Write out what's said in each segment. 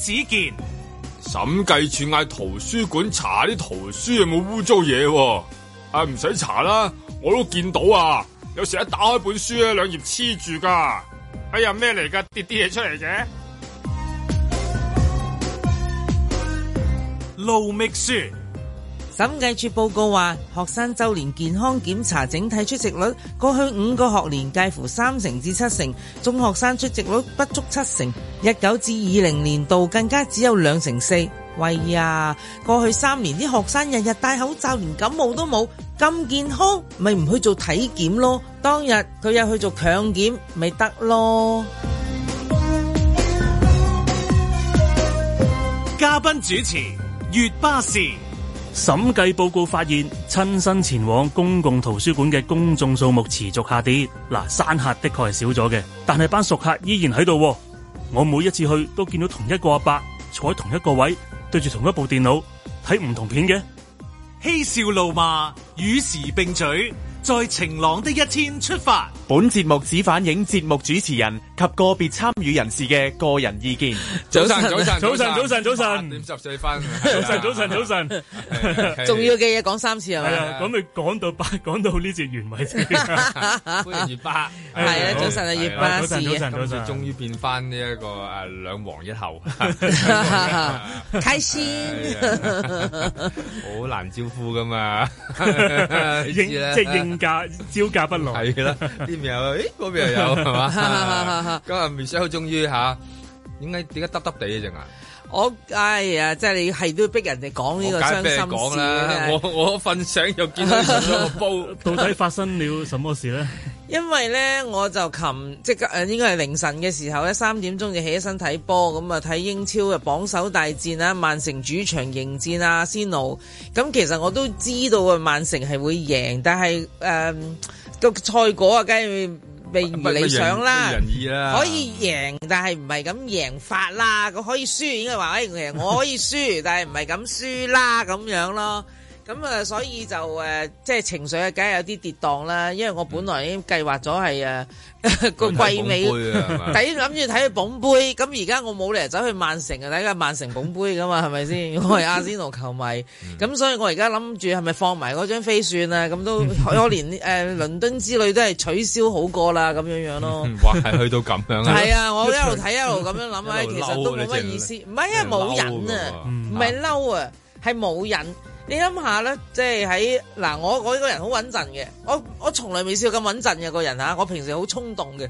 子健，審計處嗌，圖書館查啲圖書有冇污糟嘢，啊唔使查啦，我都見到啊，有時一打開本書咧，兩頁黐住噶，哎呀咩嚟噶，跌啲嘢出嚟嘅路覓書。 審計處報告話，學生周年健康檢查整體出席率過去五個學年介乎三成至七成，中學生出席率不足七成，一九至二零年度更加只有兩成四。喂呀，過去三年啲學生日日戴口罩，連感冒都冇，咁健康咪唔去做體檢咯？當日佢又去做強檢，咪得咯？嘉賓主持：月巴士。審計報告發現，親身前往公共圖書館嘅公眾數目持續下跌。嗱、啊，山客的確係少咗嘅，但係班熟客依然喺度。我每一次去都見到同一個阿伯坐喺同一個位，對住同一部電腦睇唔同片嘅，嬉笑怒罵，與時並嘴。在晴朗的一天出發。本節目只反映節目主持人及個別參與人士嘅個人意見。早晨，早晨，早晨，早晨，早晨。八點十四分。早晨，早晨，早晨。重要嘅嘢講三次係嘛？係啊，咁咪講到八，講到呢節完為止。歡迎葉巴，係啊，早晨啊，葉巴子。早晨，早晨，早晨。終於變翻呢一個誒，兩皇一后。開心。好難招呼噶嘛？應即係應。招架不落，係啦，呢邊又有，誒嗰邊又有係嘛？今日 Michelle 終於吓，點解點解耷耷哋隻眼？我哎呀，即係你係都逼人哋講呢個傷心事。我啦的我瞓醒又見到個煲， 到底發生了什麼事咧？因為咧，我就琴即係誒，應該係凌晨嘅時候咧，三點鐘就起身睇波，咁啊睇英超嘅榜首大戰啦，曼城主場迎戰阿仙奴。咁其實我都知道啊，曼城係會贏，但係誒個賽果啊，梗係。未如理想啦，可以贏，但係唔係咁贏法啦。佢可以輸，應該話誒，我可以輸，但係唔係咁輸啦，咁樣咯。咁啊，所以就誒，即係情緒啊，梗係有啲跌宕啦。因為我本來已經計劃咗係誒，個季尾睇諗住睇佢捧杯，咁而家我冇理由走去曼城啊，睇個曼城捧杯噶嘛，係咪先？我係阿仙奴球迷，咁所以我而家諗住係咪放埋嗰張飛算啊？咁都可連誒倫敦之旅都係取消好過啦，咁樣樣咯。哇，係去到咁樣啊！係啊，我一路睇一路咁樣諗啊，其實都冇乜意思。唔係啊，冇癮啊，唔係嬲啊，係冇癮。你諗下咧，即係喺嗱，我我呢個人好穩陣嘅，我我從來未試過咁穩陣嘅個人吓，我平時好衝動嘅。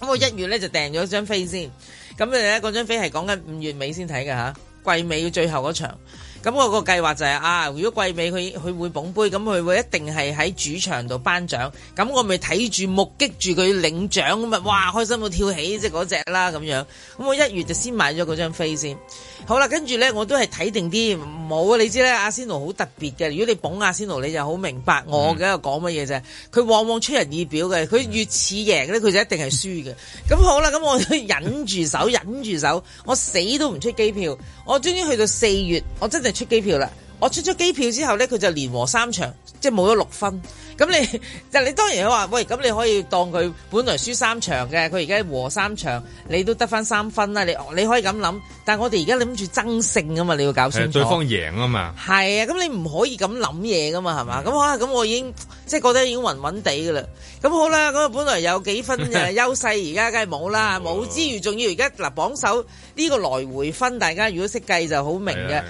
咁我一月咧就訂咗張飛先，咁咧嗰張飛係講緊五月尾先睇嘅吓，季尾嘅最後嗰場。咁我個計劃就係、是、啊，如果季尾佢佢會捧杯，咁佢會一定係喺主場度頒獎。咁我咪睇住目擊住佢領獎咁啊，哇，開心到跳起即係嗰隻啦咁樣。咁我一月就先買咗嗰張飛先。好啦，跟住呢，我都係睇定啲冇啊！你知咧，阿仙奴好特別嘅。如果你捧阿仙奴，你就好明白我嘅講乜嘢啫。佢、嗯、往往出人意表嘅，佢越似贏咧，佢就一定係輸嘅。咁 好啦，咁我忍住手，忍住手，我死都唔出機票。我終於去到四月，我真係出機票啦。我出咗機票之後咧，佢就連和三場，即係冇咗六分。咁你，嗱你當然話，喂，咁你可以當佢本來輸三場嘅，佢而家和三場，你都得翻三分啦。你你可以咁諗。但係我哋而家諗住爭勝啊嘛，你要搞清楚。對方贏啊嘛。係啊，咁你唔可以咁諗嘢噶嘛，係嘛？咁啊咁，我已經即係覺得已經暈暈地噶啦。咁好啦，咁本來有幾分嘅優勢，而家梗係冇啦。冇之餘，仲要而家嗱榜首呢個來回分，大家如果識計就好明嘅。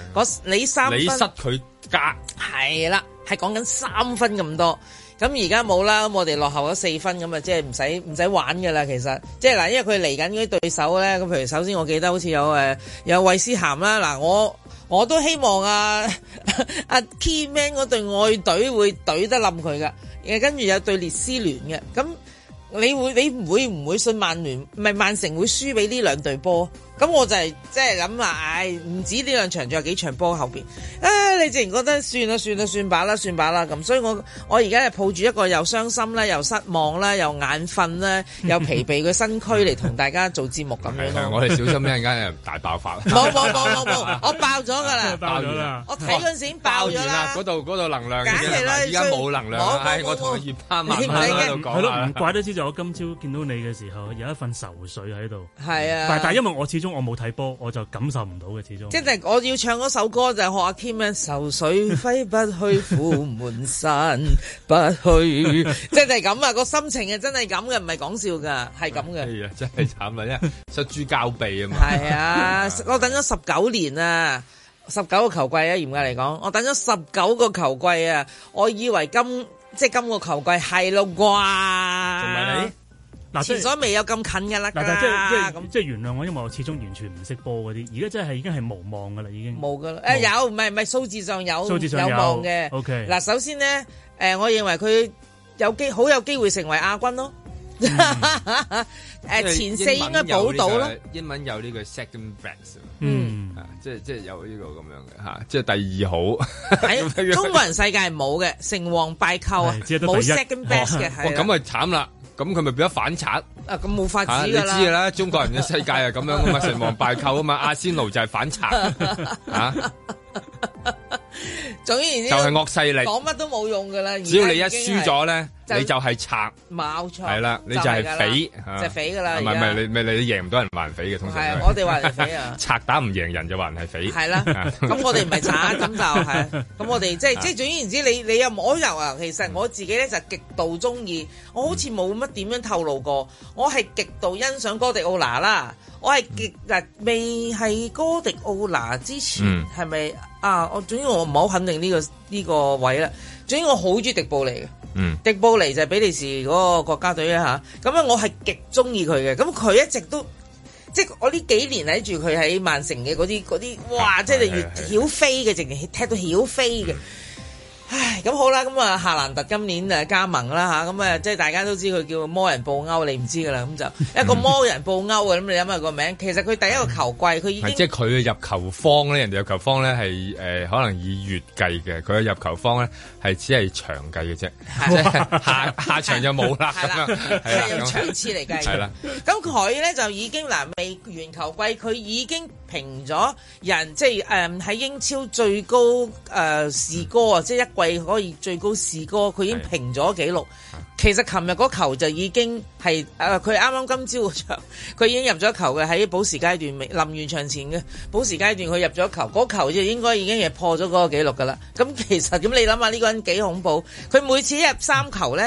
你的的三分佢他加係啦，係講緊三分咁多，咁而家冇啦，咁我哋落後咗四分，咁啊即係唔使唔使玩噶啦，其實，其實即係嗱，因為佢嚟緊嗰啲對手咧，咁譬如首先我記得好似有誒有韋斯咸啦，嗱我我都希望啊，阿、 啊、Keyman 嗰隊外隊會隊得冧佢噶，跟住有對列斯聯嘅，咁你會你唔會唔會信曼聯唔係曼城會輸俾呢兩隊波？咁我就係即係諗啊，唔止呢兩場，仲有幾場波後邊。啊，你自然覺得算啦，算啦，算把啦，算把啦。咁所以，我我而家係抱住一個又傷心啦，又失望啦，又眼瞓啦，又疲憊嘅身軀嚟同大家做節目咁樣。我哋小心一陣間大爆發。冇冇冇冇冇，我爆咗㗎啦！爆咗啦！我睇嗰陣時爆咗啦！嗰度嗰度能量，而家冇能量啦。我打熱巴嘛，係咯，唔怪得之，就我今朝見到你嘅時候有一份愁緒喺度。係啊，但係因為我始終。我冇睇波，我就感受唔到嘅，始終。即係我要唱嗰首歌就係學阿 Kim 啊，愁水揮不去，苦悶身不去，即係咁啊個心情啊真係咁嘅，唔係講笑噶，係咁嘅。係啊，真係慘啦，因為失諸交臂啊嘛。係啊，我等咗十九年啊，十九個球季啊，嚴格嚟講，我等咗十九個球季啊，我以為今即係今個球季係咯啩。同埋你。嗱，前所未有咁近噶啦，噶啦咁。即係原諒我，因為我始終完全唔識播嗰啲。而家真係已經係無望噶啦，已經。冇噶啦，誒有，唔係唔係數字上有，數字上有望嘅。嗱，首先呢，誒，我認為佢有機好有機會成為亞軍咯。誒，前四應該保到咯。英文有呢個 second best，嗯，即係即係有呢個咁樣嘅吓，即係第二好。喺中國人世界係冇嘅，成王敗寇啊，冇 second best 嘅，係啦。哇，咁啊慘啦！咁佢咪變咗反賊？啊，咁冇法子、啊、你知噶啦，中國人嘅世界係咁樣噶嘛，成王敗寇啊嘛， 阿仙奴就係反賊 啊！ 總言之就係惡勢力，講乜都冇用噶啦。只要你一輸咗咧，你就係賊，冇錯，係啦，你就係匪，就係匪噶啦。唔係係，你你你贏唔到人還匪嘅，通常係我哋話人匪啊。賊打唔贏人就話人係匪，係啦。咁我哋唔係賊，咁就係。咁我哋即係即係總言之，你你又摸油啊？其實我自己咧就極度中意，我好似冇乜點樣透露過，我係極度欣賞哥迪奧拿啦。我係極嗱，未係哥迪奧拿之前，係咪、嗯、啊？我總之我唔好肯定呢個呢個位啦。總之我好中意迪布尼嘅，嗯、迪布尼就係比利時嗰個國家隊啦嚇。咁啊，樣我係極中意佢嘅。咁佢一直都即係我呢幾年睇住佢喺曼城嘅嗰啲嗰啲，哇！即係越曉飛嘅，直情踢到曉飛嘅。唉，咁好啦，咁啊，夏蘭特今年啊加盟啦吓，咁啊，嗯、即係大家都知佢叫魔人布歐，你唔知噶啦，咁就一個魔人布歐嘅，咁 你諗下個名，其實佢第一個球季佢已經，即係佢嘅入球方咧，人哋入球方咧係誒可能以月計嘅，佢嘅入球方咧係只係場計嘅啫，下下場就冇 樣啦，係用場次嚟計嘅，係啦，咁佢咧就已經嗱未、呃、完球季，佢已經平咗人，即係誒喺英超最高誒士哥啊，即係、嗯、一。可以最高士哥，佢已經平咗紀錄。其實琴日嗰球就已經係誒，佢啱啱今朝嘅場，佢已經入咗球嘅喺補時階段，臨完場前嘅補時階段，佢入咗球，嗰球就應該已經係破咗嗰個紀錄噶啦。咁其實咁你諗下呢個人幾恐怖，佢每次一入三球呢，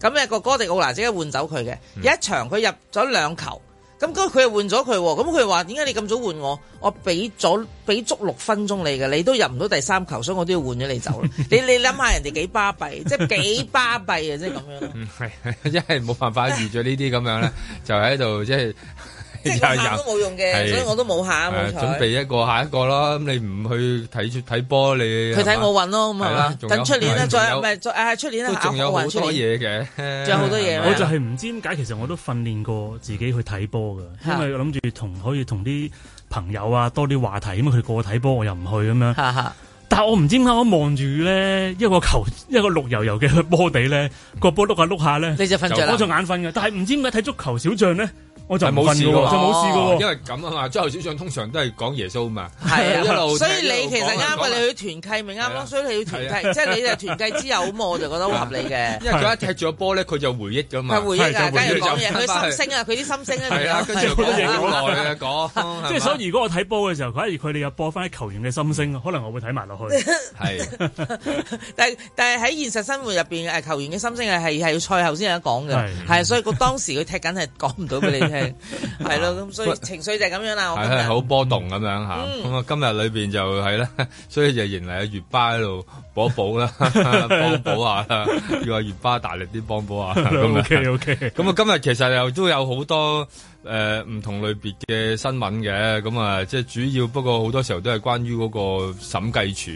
咁咧、嗯、個哥迪奧拿即刻換走佢嘅，一場佢入咗兩球。咁佢又換咗佢，咁佢話：點解你咁早換我？我俾咗俾足六分鐘你嘅，你都入唔到第三球，所以我都要換咗你走啦。你，你諗下人哋幾巴閉，即係幾巴閉啊！即係咁樣。嗯，係，一係冇辦法遇咗呢啲咁樣咧， 就喺度即係。即係下都冇用嘅，是所以我都冇下冇彩。準備一個下一個啦。咁你唔去睇睇波，你去睇奧運咯，咁係等出年啦，再唔係再誒，出年啦，我運出。都仲有好多嘢嘅，仲有好多嘢。呵呵多啊，我就係唔知點解，其實我都訓練過自己去睇波嘅，因為諗住同可以同啲朋友啊多啲話題，咁佢個睇波，我又唔去咁樣。但係我唔知點解我望住咧，一個球一個綠油油嘅波地咧，個波碌下碌下咧，你就瞓著，我就眼瞓嘅。但係唔知點解睇足球小將咧？我就冇試過，就冇試過，因為咁啊嘛。最後小章通常都係講耶穌啊嘛，一路。所以你其實啱啊，你去團契咪啱咯？所以你要團契，即係你係團契之後咁，我就覺得好合理嘅。因為佢一踢咗波咧，佢就回憶噶嘛。係回憶㗎，跟住講嘢，佢心聲啊，佢啲心聲咧。係啊，跟住講咁耐嘅講。即係所以，如果我睇波嘅時候，反而佢哋又播翻啲球員嘅心聲，可能我會睇埋落去。係。但係但係喺現實生活入邊，球員嘅心聲係係要賽後先有得講嘅，係。所以個當時佢踢緊係講唔到俾你。係咯，咁所以情緒就係咁樣啦。係係好波動咁樣吓。咁啊、嗯，嗯、今日裏邊就係、係、咧，所以就迎嚟阿月巴喺度 補一補啦，幫補啊，要阿月巴大力啲幫補啊。O K O K。咁啊，今日其實又都有好多。誒，唔同類別嘅新聞嘅，咁啊，即係主要。不過好多時候都係關於嗰個審計署，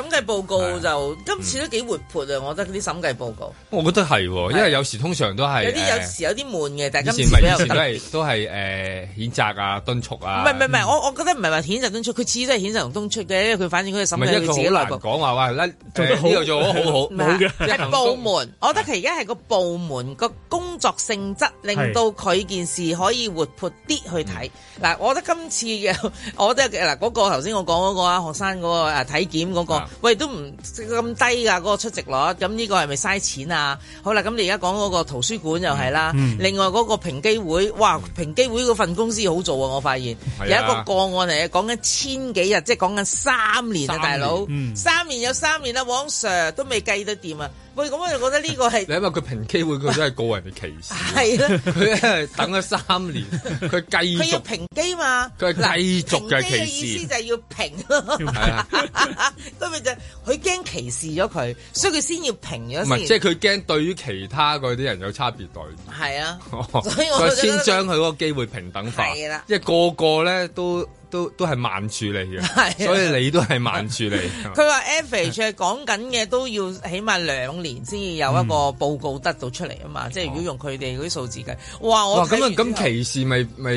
審計報告就今次都幾活潑啊！我覺得啲審計報告，我覺得係，因為有時通常都係有啲有時有啲悶嘅，但係今次比較特別，都係誒譴責啊，敦促啊。唔係唔係，我我覺得唔係話譴責敦促，佢次次都係譴責同敦促嘅，因為佢反正佢個審計佢自己內部講話，哇，做得好，做得好好好嘅。部門，我覺得佢而家係個部門個工作性質，令到佢件事可以。活潑啲去睇嗱、嗯，我覺得今次嘅，我覺得嗱嗰、那個頭先我講嗰、那個啊學生嗰個誒體檢嗰個，那個、的喂都唔咁低㗎嗰、那個出席率，咁呢個係咪嘥錢啊？好啦，咁你而家講嗰個圖書館又係啦，嗯、另外嗰個平機會，哇平機會嗰份公司好做啊！我發現的有一個個案係講緊千幾日，即係講緊三年啊，年大佬哥三、嗯、三年有三年啊，往常都未計得掂啊！咁我就覺得呢個係，因為佢平機會，佢都係個人嘅歧視。係 啊，佢係等咗三年，佢繼續 平機嘛。佢係繼續嘅歧視，意思就係要平。係 啊， 咁咪就佢驚歧視咗佢，所以佢先要平咗。唔係，即係佢驚對於其他嗰啲人有差別待遇。係 啊，所以我 先將佢嗰個機會平等化。係啦、 啊，即係個個咧都。都都係慢處理嘅， 所以你都係慢處理。佢話 average 講緊嘅都要起碼兩年先要有一個報告得到出嚟啊嘛！嗯、即係如果用佢哋嗰啲數字計，嘩我哇！哇！咁咁歧視咪咪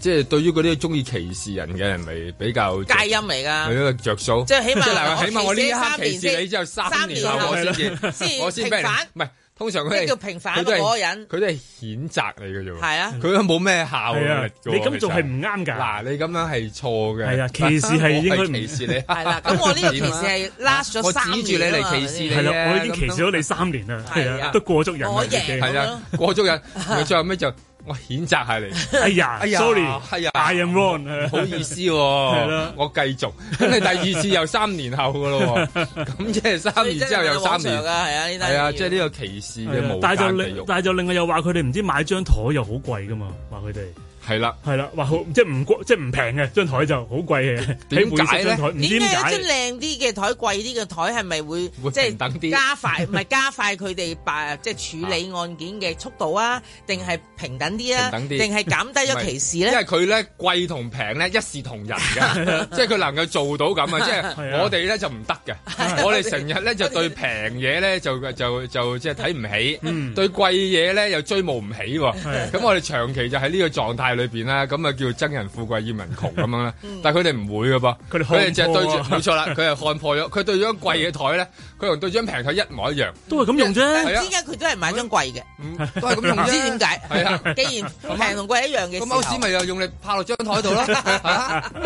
即係對於嗰啲中意歧視的人嘅人咪比較戒音嚟㗎，佢一個着數。即係起碼， 起碼我呢一刻歧視你之後三年我先才至，反我先俾人？唔係。通常佢都叫平反嗰個人，佢都係譴責你嘅啫。係啊，佢都冇咩效嘅。你咁做係唔啱㗎？嗱，你咁樣係錯嘅。係啊，歧視係應該歧視你。係啦，咁我呢個歧視係 last 咗三年啊。我指住你嚟歧視你嘅。係啦，我已經歧視咗你三年啦。係啊，都過足人。我贏。係啊，過足人。最後尾就，我譴責下你，哎呀，哎呀，sorry，係、哎、呀，I am wrong，唔好意思喎、啊， 是的 我繼續，跟你 第二次又三年後噶咯，咁即係三年之後又三年，係啊， 係啊，即係呢個歧視，但就另但就另外又話佢哋唔知買張枱又好貴噶嘛，話佢哋。係啦，係啦，哇！即係唔貴，即係唔平嘅張台就好貴嘅。點解咧？點解張靚啲嘅台貴啲嘅台係咪會即係等啲？加快唔係加快佢哋辦即係處理案件嘅速度啊？定係平等啲啊？平等啲？定係減低咗歧視咧？因為佢咧貴同平咧一視同仁嘅，即係佢能夠做到咁啊！即係我哋咧就唔得嘅，我哋成日咧就對平嘢咧就就就即係睇唔起，嗯，對貴嘢咧又追慕唔起喎。係咁，我哋長期就喺呢個狀態。裏邊咧，咁啊叫做憎人富貴，厭人窮咁樣啦。但係佢哋唔會噶噃，佢哋只係對住。冇錯啦，佢係看破咗。佢對張貴嘅台咧，佢同對張平台一模一樣，都係咁用啫。點解佢都係買張貴嘅？都係咁用啫。唔知點解。係啊，既然平同貴一樣嘅，咁我咪又用力拍落張台度咯。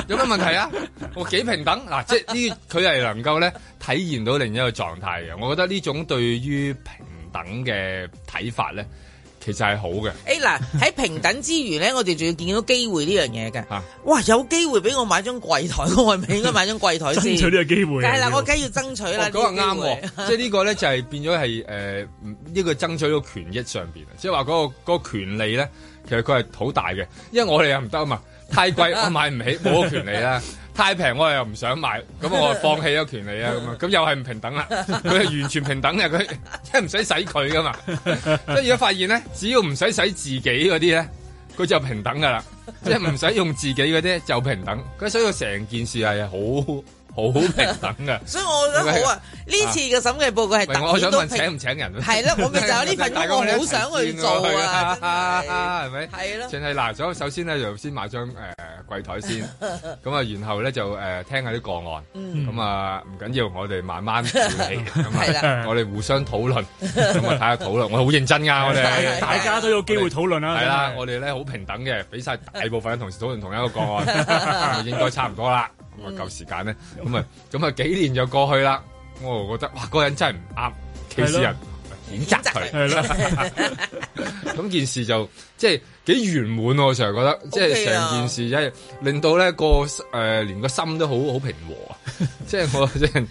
有乜問題啊？我幾平等嗱，即係呢，佢係能夠咧體現到另一個狀態嘅。我覺得呢種對於平等嘅睇法咧。其實係好嘅。誒嗱、欸，喺平等之餘咧， 我哋仲要見到機會呢樣嘢嘅。哇，有機會俾我買張櫃台，我係咪應該買張櫃台先？爭取呢個機會。但係我梗係要爭取啦。嗰個啱喎，即係呢個咧就係變咗係誒呢個爭取個權益上邊啊！即係話嗰個嗰、嗰個、權利咧，其實佢係好大嘅，因為我哋又唔得啊嘛，太貴我買唔起，冇個權利啦。 太平我又唔想買，咁我放棄咗權利啊咁啊，咁又係唔平等啦。佢係完全平等嘅，佢即係唔使使佢㗎嘛。即係如果發現咧，只要唔使使自己嗰啲咧，佢就平等㗎啦，即係唔使用自己嗰啲就平等。佢所以成件事係好。好平等嘅，所以我覺得好啊！呢次嘅審計報告係達到平等。我想問請唔請人？係啦，我咪就有呢份工，我好想去做啊！啊啊，係咪？係咯。請你嗱，咁首先咧就先買張誒櫃台先，咁啊，然後咧就誒聽下啲個案，咁啊唔緊要，我哋慢慢調起，咁係我哋互相討論，咁我睇下討論，我好認真㗎，我哋大家都有機會討論啦。係啦，我哋咧好平等嘅，俾曬大部分嘅同事討論同一個個案，應該差唔多啦。咁啊，夠、嗯、時間咧，咁啊，咁啊，幾年就過去啦。我啊覺得，哇，嗰人真係唔啱，其實人譴責佢。係咯。咁 件事就即係幾圓滿，我成日覺得，即係成、okay、了件事即、就、係、是、令到咧個誒、呃，連個心都好好平和啊！即係我即係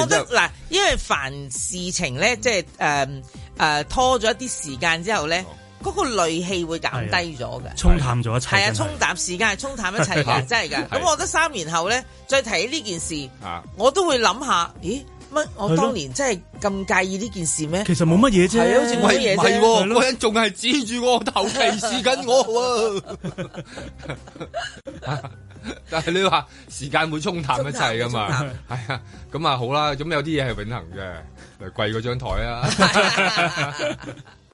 我覺得嗱，因為凡事情咧，即係誒誒，拖咗一啲時間之後咧。嗯嗯嗰個戾氣會減低咗嘅，沖淡咗一切。係啊，沖淡時間係沖淡一切嘅，真係㗎。咁我覺得三年後咧，再提起呢件事，我都會諗下，咦？乜我當年真係咁介意呢件事咩？其實冇乜嘢啫，係好似冇乜嘢。係，嗰人仲係指住我頭皮歧視緊我。但係你話時間會沖淡一切㗎嘛？係啊，咁啊好啦，咁有啲嘢係永恆嘅，貴嗰張台啊。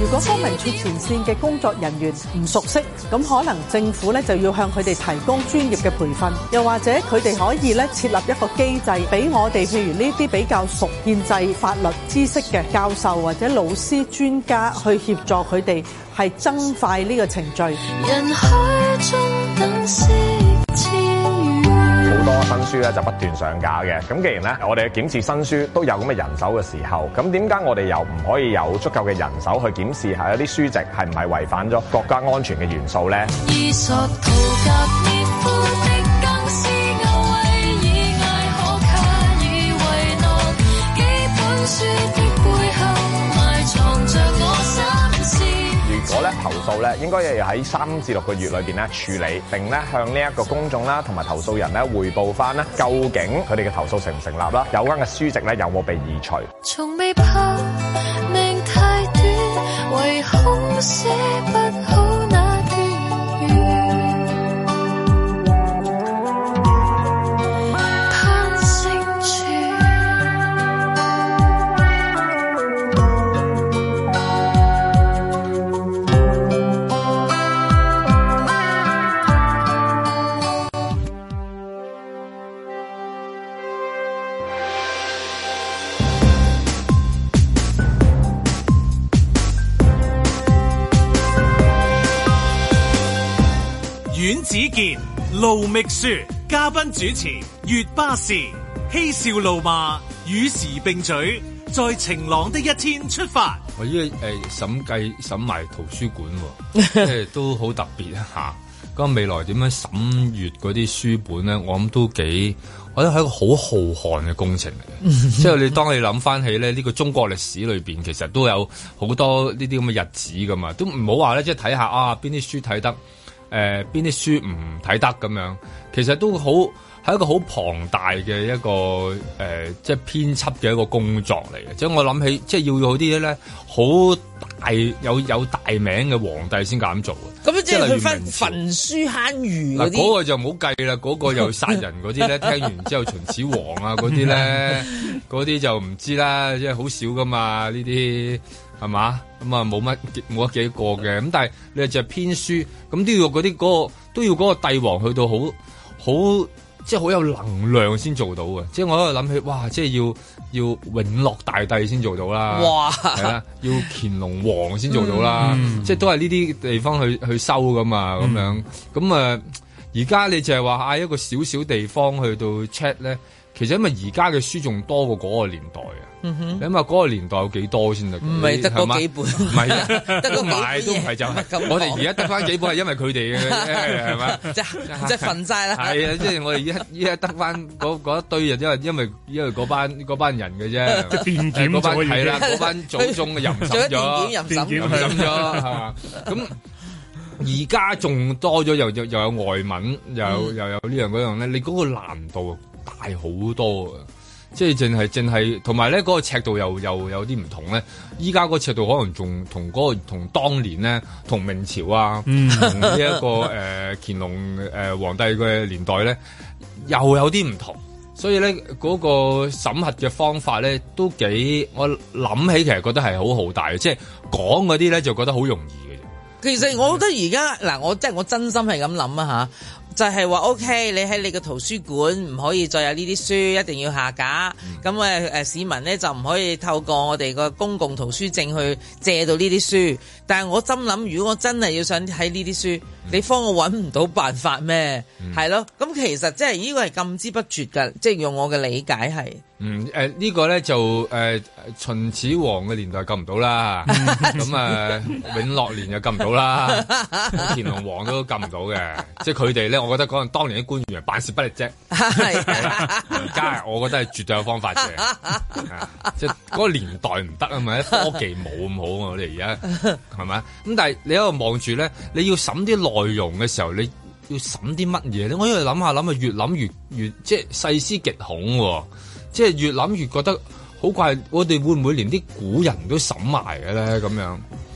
如果公民處前線嘅工作人員唔熟悉，咁可能政府咧就要向佢哋提供專業嘅培訓，又或者佢哋可以咧設立一個機制，俾我哋譬如呢啲比較熟建制法律知識嘅教授或者老師專家去協助佢哋，係增快呢個程序。人海中等新書咧就不斷上架嘅，咁既然咧我哋去檢視新書都有咁嘅人手嘅時候，咁點解我哋又唔可以有足夠嘅人手去檢視下一啲書籍係唔係違反咗國家安全嘅元素呢？投訴咧，應該要喺三至六個月裏邊咧處理，並咧向呢一個公眾啦，同埋投訴人咧，匯報返咧究竟佢哋嘅投訴成唔成立啦，有關嘅書籍咧有冇被移除？從未子健、盧覓雪，嘉賓主持。月巴士，嬉笑怒罵，與時並舉，在晴朗的一天出發。我呢個誒，審計審埋圖書館，即、呃、係都好特別啊！吓，咁未來點樣審閱嗰啲書本咧？我諗都幾，我覺得係一個好浩瀚嘅工程嚟嘅。 即係你當你諗翻起咧，呢、這個中國歷史裏邊，其實都有好多呢啲咁嘅日子噶嘛，都唔好話咧，即係睇下啊，邊啲書睇得。誒邊啲書唔睇得咁樣，其實都好係一個好龐大嘅一個誒、呃，即係編輯嘅一個工作嚟嘅。即係我諗起，即係要好啲咧，好大有有大名嘅皇帝先敢做嘅。咁即係去翻焚書坑儒嗰啲。嗱嗰，啊那個就唔好計啦。嗰、那個又殺人嗰啲咧。 聽完之後，秦始皇啊嗰啲咧，嗰啲 就唔知啦，即係好少噶嘛呢啲。係嘛？咁啊，冇乜冇一幾個嘅。咁但係你又就係編書，咁都要嗰啲嗰個都要嗰個帝王去到好好即係好有能量先做到嘅。即係我喺度諗起，哇！即係要要永樂大帝先做到啦，係啊哇，要乾隆皇先做到啦。嗯嗯、即係都係呢啲地方去去收噶嘛，咁樣。咁啊、嗯，而家你就係話嗌一個少少地方去到 check 咧，其實因為而家嘅書仲多過嗰個年代啊。你諗下，嗰個年代有幾多先得？唔係得嗰幾本，唔係得嗰唔係就我哋而家得翻幾本係因為佢哋嘅，係嘛？即係即係瞓晒啦。係啊，即係我哋依依家得翻嗰嗰一堆人，因為因為因為嗰班嗰班人嘅啫，即係變檢咗。係啦，嗰班祖宗嘅任守咗，變檢任守咗。咁而家仲多咗又又又有外文，又又有呢樣嗰樣咧，你嗰個難度大好多啊！即係淨係淨係，同埋咧嗰個尺度又又有啲唔同咧。依家嗰尺度可能仲同嗰個同當年咧，同明朝啊，呢一、 呢個誒、呃、乾隆誒、呃、皇帝嘅年代咧，又有啲唔同。所以咧嗰個審核嘅方法咧都幾，我諗起其實覺得係好浩大嘅，即係講嗰啲咧就覺得好容易嘅。其實我覺得而家嗱，我即係我真心係咁諗啊嚇。就係話 OK，你喺你個圖書館唔可以再有呢啲書，一定要下架。咁誒誒市民咧就唔可以透過我哋個公共圖書證去借到呢啲書。但係我心諗，如果我真係要想睇呢啲書。嗯、你幫我揾唔到辦法咩？係、嗯、咯，咁其實即係呢個係禁之不絕嘅，即係用我嘅理解係。嗯，誒、呃這個、呢個咧就誒秦始皇嘅年代禁唔到啦，咁啊、 嗯呃、永樂年就禁唔到啦，乾隆皇都禁唔到嘅。 即係佢哋咧，我覺得可能當年啲官員係辦事不力啫。而家 我覺得係絕對有方法嘅、嗯，即係嗰個年代唔得啊嘛，科技冇咁好啊！我哋而家係咪？咁但係你喺度望住咧，你要審啲內。內容嘅時候，你要審啲乜嘢咧？我喺度諗下諗，越諗越越，越即係細思極恐，即係越諗越覺得好怪。我哋會唔會連啲古人都審埋嘅咧？咁樣。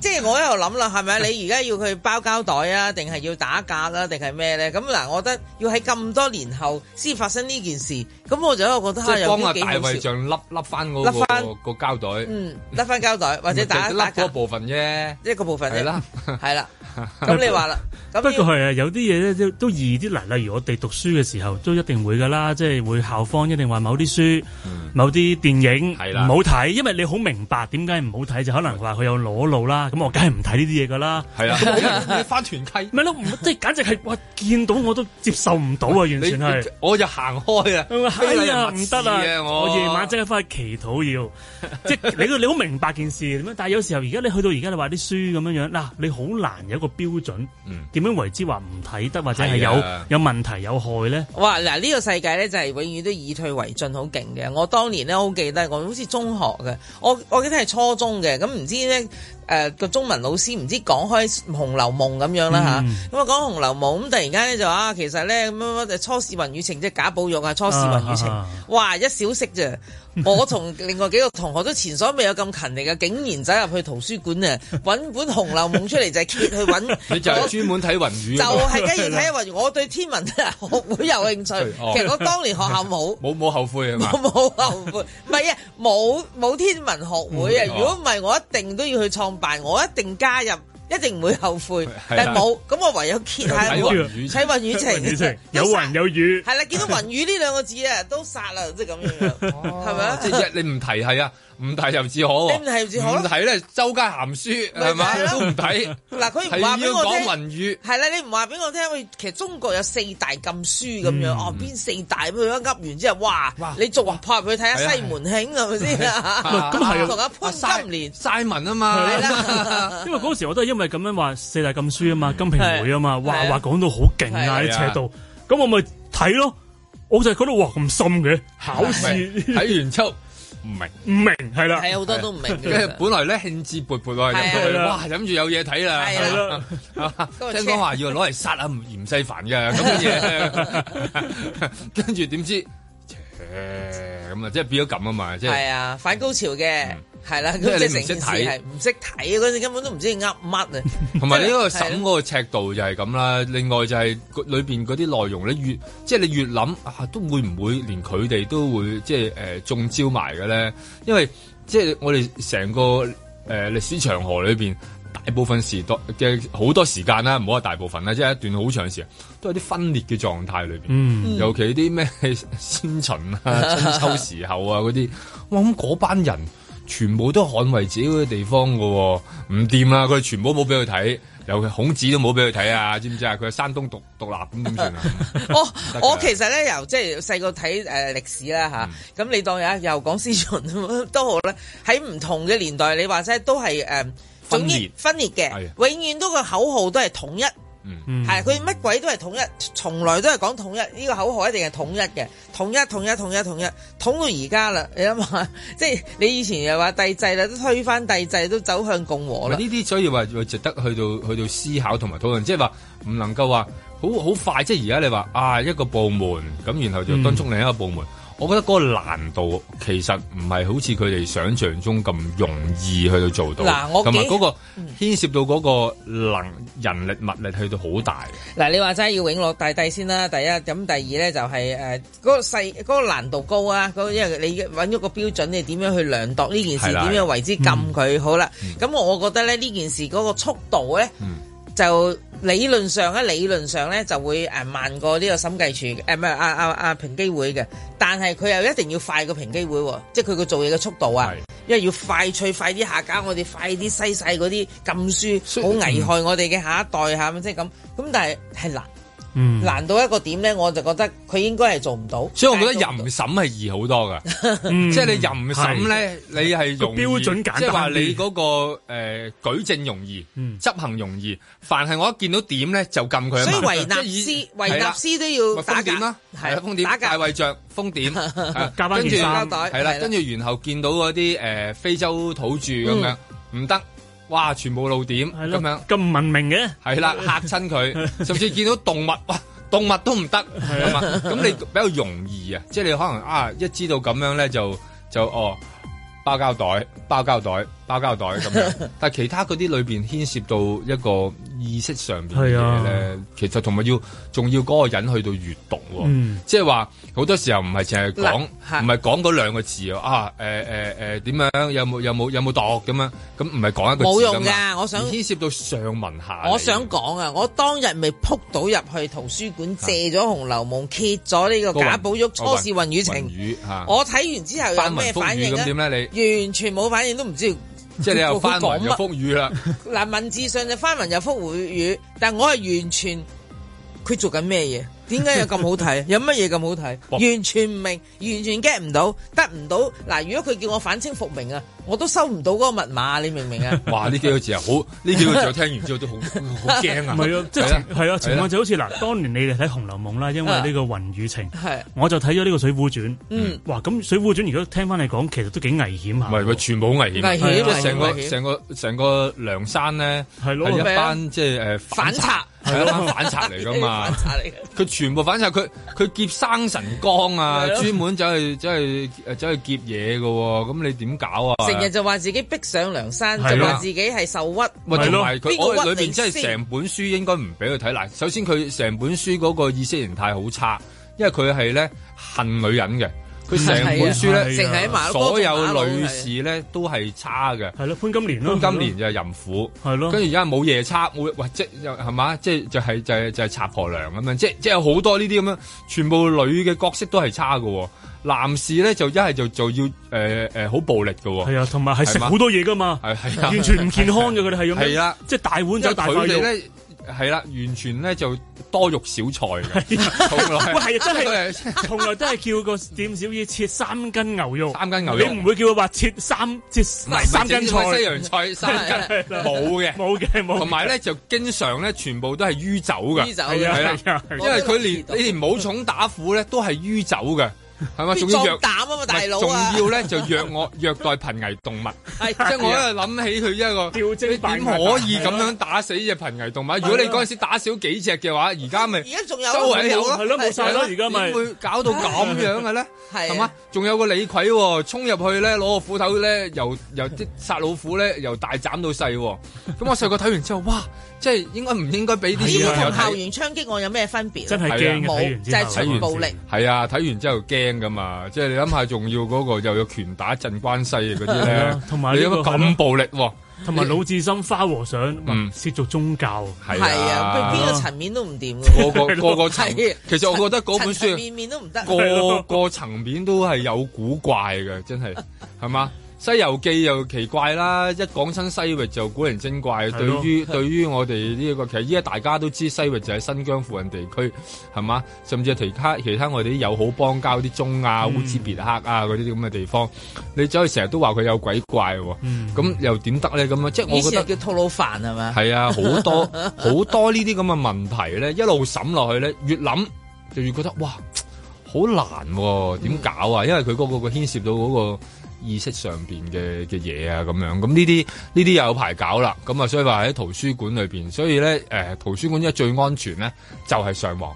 即係我喺度諗啦，係咪你而家要佢包膠袋啊，定係要打交啊，定係咩咧？咁嗱，我覺得要喺咁多年後先發生呢件事，咁我就喺度覺得嚇幫阿大衛像笠笠翻嗰個膠袋，嗯，笠翻膠袋或者打打嗰部分啫，一個部分啦，係啦是的。 咁你話啦，不過係啊，有啲嘢咧都易啲嚟，例如我哋讀書嘅時候，都一定會噶啦，即係會校方一定話某啲書、某啲電影唔好睇，因為你好明白點解唔好睇，就可能話佢有裸露啦，咁我梗係唔睇呢啲嘢噶啦。係啊，翻團契，咪咯，即係簡直係，哇！見到我都接受唔到啊，完全係，我就行開啊，係啊，唔得啊，我夜晚真係翻去祈禱要，即係你你好明白件事，但係有時候而家你去到而家你話啲書咁樣樣，嗱，你好難有一個。標準，嗯點樣為之話唔睇得或者係有的有問題有害咧？哇！嗱，呢個世界咧就係永遠都以退為進，好勁嘅。我當年咧好記得，我好似中學嘅，我我記得係初中嘅，咁唔知咧。誒個中文老師唔知講開《紅樓夢》咁樣啦吓，咁啊講《紅樓夢》，咁突然間咧就啊，其實咧初試雲雨情，即係賈寶玉啊，初試雲雨情，哇！一小息咋，我同另外幾個同學都前所未有咁勤力嘅，竟然走入去圖書館啊，揾本《紅樓夢》出嚟就係揭去揾，你就專門睇雲雨，就係梗要睇雲。我對天文學會有興趣，其實我當年學校冇，冇冇後悔係嘛，冇後悔，唔係啊，冇冇天文學會啊，如果唔係我一定都要去創。我一定加入，一定唔會後悔，的但係冇，咁我唯有揭下睇雲雨晴，雨 有雲有雨，係啦， 見到雲雨呢兩個字啊，都殺啦，即係咁樣樣，係咪啊？ 即係你唔提係啊。唔睇又自可，唔睇咧，周街鹹書係嘛，都唔睇。嗱佢唔話俾我聽文語，係啦，你唔話俾我聽，其實中國有四大禁書咁樣，哦邊四大，咁佢一噏完之後，哇，你仲話拍入去睇下西門慶係咪先？同阿潘金蓮晒文啊嘛，因為嗰時我都係因為咁樣話四大禁書啊嘛，金瓶梅啊嘛，哇哇講到好勁啊，喺尺度，咁我咪睇咯，我就係覺得哇咁深嘅考試睇完之後。唔明唔明係啦，係好多都唔明嘅。本來咧興致勃勃啊，入到去啦，哇諗住有嘢睇啦，聽講話要攞嚟殺啊嚴世蕃嘅，嘢！跟住點知，咁啊即係變咗咁啊嘛，即係係啊反高潮嘅。嗯係啦，因為你唔識睇，唔識睇嗰陣根本都唔知噏乜啊！同埋呢個審嗰個尺度就係咁啦。另外就係裏邊嗰啲內容咧，越即係你越諗啊，都會唔會連佢哋都會即係誒中招埋嘅咧？因為即係、就是、我哋成個誒歷史長河裏邊，大部分時代嘅好多時間啦，唔好話大部分啦，即、就、係、是、一段好長時間，都係啲分裂嘅狀態裏邊。嗯、尤其啲咩先秦啊、春秋時候啊嗰啲，我諗嗰班人。全部都捍衞自己地方嘅喎、哦，唔掂啦！佢全部冇俾佢睇，尤其孔子都冇俾佢睇啊！知唔知啊？佢喺山東獨獨立咁點算啊？哦 我，我其實咧由即係細個睇誒歷史啦嚇，咁、啊嗯、你當又又講思信都好咧，喺唔同嘅年代你話齋都係誒，總、呃、之分裂嘅，永遠都個、呃、的口號都係統一。係，佢乜、嗯、鬼都係統一，從來都係講統一，呢、這個口號一定係統一嘅，統一，統一，統一，統一，統一到而家啦。你諗下， 即係你以前又話帝制啦，都推翻帝制，都走向共和啦。呢啲所以話，話值得去到去到思考同埋討論，即係話唔能夠話好好快，即係而家你話啊一個部門咁，然後就敦促另一個部門。嗯我覺得嗰個難度其實唔係好似佢哋想象中咁容易去到做到，嗱、啊，我同埋嗰個牽涉到嗰個能、嗯、人力物力去到好大。嗱、啊，你話齋要永樂大帝先啦、啊，第一，咁第二咧就係、是、誒，嗰、呃那個細、那個難度高啊，嗰因為你揾咗個標準，你點樣去量度呢件事？點的樣為之禁佢？嗯、好啦，咁我我覺得咧呢件事嗰個速度咧。嗯就理論上咧，理論上咧就會誒慢過呢個審計處，誒唔係啊啊啊，啊平機會嘅，但係佢又一定要快過平機會喎、啊，即係佢個做嘢嘅速度啊，是因為要快趣，快啲下架我哋，快啲篩晒嗰啲禁書，好、嗯、危害我哋嘅下一代嚇，係咪、啊？即係咁，咁但係係難。難到一個點咧，我就覺得佢應該係做唔到。所以我覺得淫審係易好多噶，即係你淫審咧，你係標準簡單，即係話你嗰個誒舉證容易，執行容易。凡係我一見到點咧，就撳佢啊嘛。所以維納斯維納斯都要封點啦，係啦，封點。大衛着封點，加翻件衫。係啦，跟住然後見到嗰啲誒非洲土著咁樣，唔得。哇！全部露點咁的樣咁文明嘅，係啦的的嚇親佢，的甚至見到動物， 哇，動物都唔得，係咁你比較容易啊，即係你可能啊一知道咁樣咧就就哦包膠袋包膠袋，包膠袋包膠袋咁樣，但係其他嗰啲裏邊牽涉到一個意識上面嘅嘢咧， 其實同埋要仲要嗰個人去到閲讀喎，即係話好多時候唔係淨係講，唔係喇講嗰兩個字喇啊，誒誒誒點樣有冇有冇有冇讀咁樣，咁唔係講一個字冇用㗎。我想牽涉到上文下。我想講啊，我當日咪撲到入去圖書館借咗《紅樓夢》，揭咗呢個寶玉《賈寶玉初試雲雨情》雨，我睇完之後有咩反應咧？呢你 完全冇反應，都唔知。即係你又翻雲又覆雨啦，嗱文字上就翻雲又覆雨， 但我係完全，佢做緊咩嘢？點解有咁好睇？有乜嘢咁好睇？完全唔明，完全 get 唔到，得唔到。嗱，如果佢叫我反清復明啊，我都收唔到嗰個密碼。你明唔明啊？哇！呢幾個字啊，好呢幾個字，聽完之後都好，好驚啊！唔係啊，即係係啊，情況就好似嗱，當年你哋睇《紅樓夢》啦，因為呢個雲雨情，係我就睇咗呢個《水滸傳》。嗯，哇！咁《水滸傳》如果聽翻你講，其實都幾危險啊，係，全部好危險。危險，成個成個成個梁山咧，係一班即係誒反賊。係一班反賊嚟噶嘛？佢 全部反賊，佢佢劫生辰綱啊，專 了門走去走去走去劫嘢噶，啊，咁你點搞啊？成日就話自己逼上梁山，就話了自己係受屈。咪同埋佢我喺裏邊，即係成本書應該唔俾佢睇。嗱， 首先佢成本書嗰個意識形態好差，因為佢係咧恨女人嘅。佢成本書咧，所有女士咧都係差嘅。係咯，潘金蓮潘金蓮就係淫婦。係咯，跟住而家冇夜叉冇，喂，即係係嘛，即係就係就係就係插婆娘咁樣。即係即係好多呢啲咁樣，全部女嘅角色都係差嘅。男士咧就一係就就要誒誒好暴力嘅。係啊，同埋係食好多嘢噶嘛，係係，完全唔健康嘅佢哋係用，係啦，即係大碗酒大塊肉。係啦，完全咧就多肉少菜嘅，從 來係啊，真係從來都係叫個店小二切三斤牛肉，三斤牛肉，你唔會叫佢話切三切三斤是菜，西洋菜三斤冇嘅，冇嘅， 冇。 同埋咧就經常咧，全部都係酗酒嘅，係啊，了因為佢連 你連武松打虎咧都係酗酒嘅。係嘛，仲要虐膽啊嘛，大佬仲要咧就虐我虐待瀕危動物，即係我喺度諗起佢一個，你點可以咁樣打死隻瀕危動物？如果你嗰陣時打少幾隻嘅話，而家咪而家仲有周圍有咯，冇晒咯，而家咪會搞到咁樣嘅咧？係嘛，仲有個李逵衝入去咧，攞個斧頭咧，由由啲殺老虎咧，由大斬到細。咁我細個睇完之後，哇！即係應該唔應該俾啲同校園槍擊案有咩分別？真係驚，冇真係從暴力。係啊，睇完之後驚。噶嘛？即係你諗下，仲要嗰個又有拳打鎮關西嗰啲咧， 這你一個咁暴力，同埋魯智深花和尚，你嗯，涉足宗教，係係啊，佢邊 個層面都唔掂。個個個個層， 其實我覺得嗰本書面 面都唔得，個個層面都係有古怪嘅，真係係嘛。 西遊記又奇怪啦，一講親西域就古靈精怪。的對於的對於我哋呢個其實依家大家都知西域就喺新疆附近地區，係嘛？甚至係其他其他我哋啲友好邦交啲中亞烏茲別克啊嗰啲咁嘅地方，你走去成日都話佢有鬼怪，咁又點得咧？咁啊，嗯、樣即係我覺得，以前叫吐魯番係嘛？係啊，好多好 多呢啲咁嘅問題咧，一路審落去咧，越諗就越覺得哇，好難點搞啊！因為佢嗰個個牽涉到嗰、嗰個。意識上邊嘅嘅嘢啊，咁樣咁呢啲呢啲又有排搞啦，咁啊所以話喺圖書館裏邊，所以咧誒、呃、圖書館一最安全咧就係、是、上網，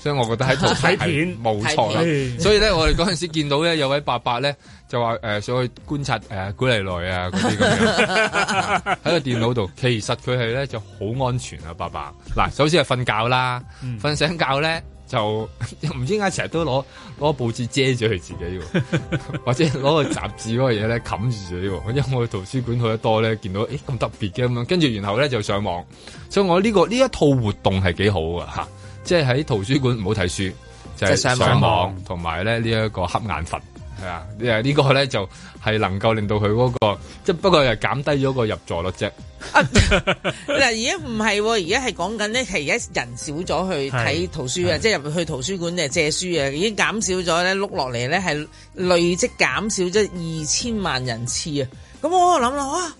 所以我覺得喺圖書館冇錯啦。睇片。所以咧我哋嗰陣時見到咧有位伯伯咧就話誒、呃、想去觀察誒古尼來啊嗰啲咁樣喺 個電腦度，其實佢係咧就好安全啊，伯伯。嗱首先係瞓覺啦，瞓、嗯、瞓醒覺咧。就唔 知點解成日都攞攞報紙遮住佢自己，啊， 或者攞個雜誌嗰個嘢咧冚住自己，啊。因為我去圖書館去得多咧，見到誒咁特別嘅咁樣，跟住然後咧就上網。所以我呢、這個呢一套活動係幾好噶吓，啊，即係喺圖書館唔好睇書，就係、是、上網同埋咧呢一、這個黑眼瞓。啊！誒、啊，呢個咧就係能夠令到佢嗰個，即係不過又減低咗個入座率啫。嗱，而家唔係，而家係講緊咧，係而家人少咗去睇圖書啊，即係入去圖書館誒借書啊，已經減少咗咧，碌落嚟咧係累積減少咗二千萬人次啊！咁我諗諗啊。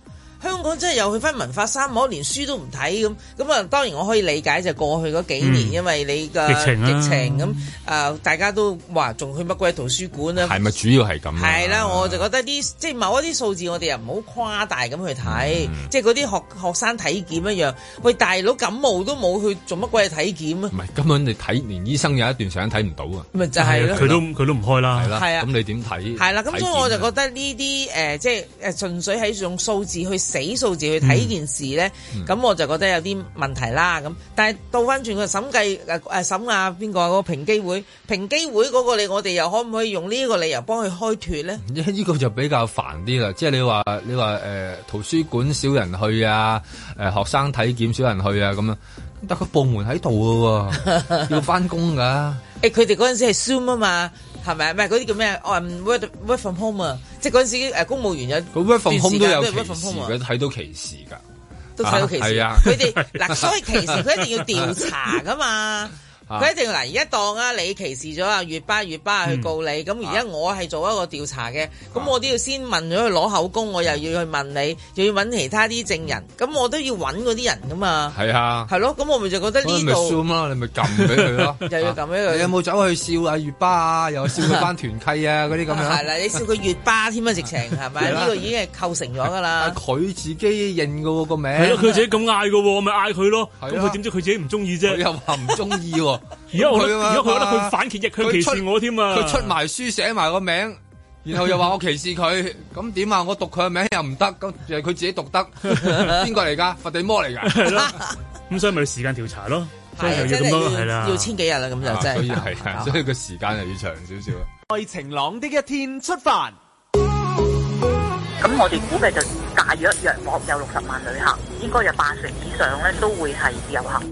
香港真係又去返文化沙漠，連書都唔睇咁咁啊！當然我可以理解，就過去嗰幾年，因為你嘅疫情啦，疫情咁啊，大家都話仲去乜鬼圖書館啊？係咪主要係咁？係啦，我就覺得啲即係某一啲數字，我哋又唔好誇大咁去睇，即係嗰啲學學生體檢一樣。喂，大佬感冒都冇去做乜鬼體檢啊？唔係根本你睇，連醫生有一段時間睇唔到啊！咪就係咯，佢都佢都唔開啦，係啦。咁你點睇？係啦，咁所以我就覺得呢啲誒即係誒純粹係用數字去。死數字去睇呢件事咧，咁、嗯嗯、我就覺得有啲問題啦。咁，但係倒翻轉去審計誒誒審啊邊個嗰評機會評機會嗰個你我哋又可唔可以用呢個理由幫佢開脫咧？呢個就比較煩啲啦，即係你話你話誒、呃、圖書館少人去啊，誒、呃、學生體檢少人去啊咁啊，得個部門喺度嘅喎，要翻工㗎。誒佢哋嗰陣時係 Zoom 啊嘛。係咪啊？唔係嗰啲叫咩？work work from home 啊！即係嗰陣時誒公務員有佢 work from home 都有歧視，佢睇到歧視㗎，啊、都睇到歧視啊！佢哋嗱，所以歧視佢一定要調查㗎嘛。 佢一定嗱而家當啊，你歧視咗啊，月巴月巴去告你。咁而家我係做一個調查嘅，咁我都要先問咗佢攞口供，我又要去問你，又要揾其他啲證人，咁我都要揾嗰啲人噶嘛。係啊，係咯，咁我咪就覺得呢度。你咪笑，你咪撳俾佢咯。又要撳俾佢。你有冇走去笑啊月巴啊？又笑佢班團契啊，嗰啲咁樣。係啦，你笑佢月巴添啊，直情係咪？呢個已經係構成咗噶啦。佢自己認個個名。係咯，佢自己咁嗌個喎，咪嗌佢咯。咁佢點知佢自己唔中意啫？又話唔中意喎。如果我而家佢覺得佢反歧視，佢歧視我添啊！佢出埋書寫埋個名，然後又話我歧視佢，咁點啊？我讀佢個名又唔得，咁又佢自己讀得，邊個嚟噶？佛地魔嚟噶？係咁所以咪要時間調查咯，係要啦，要千幾日啦，咁就真係，所以係，所以個時間又要長少少啊！在晴朗的一天出發，咁我哋估計就。大約約莫有六十萬旅客，應該有八成以上咧都會係遊客。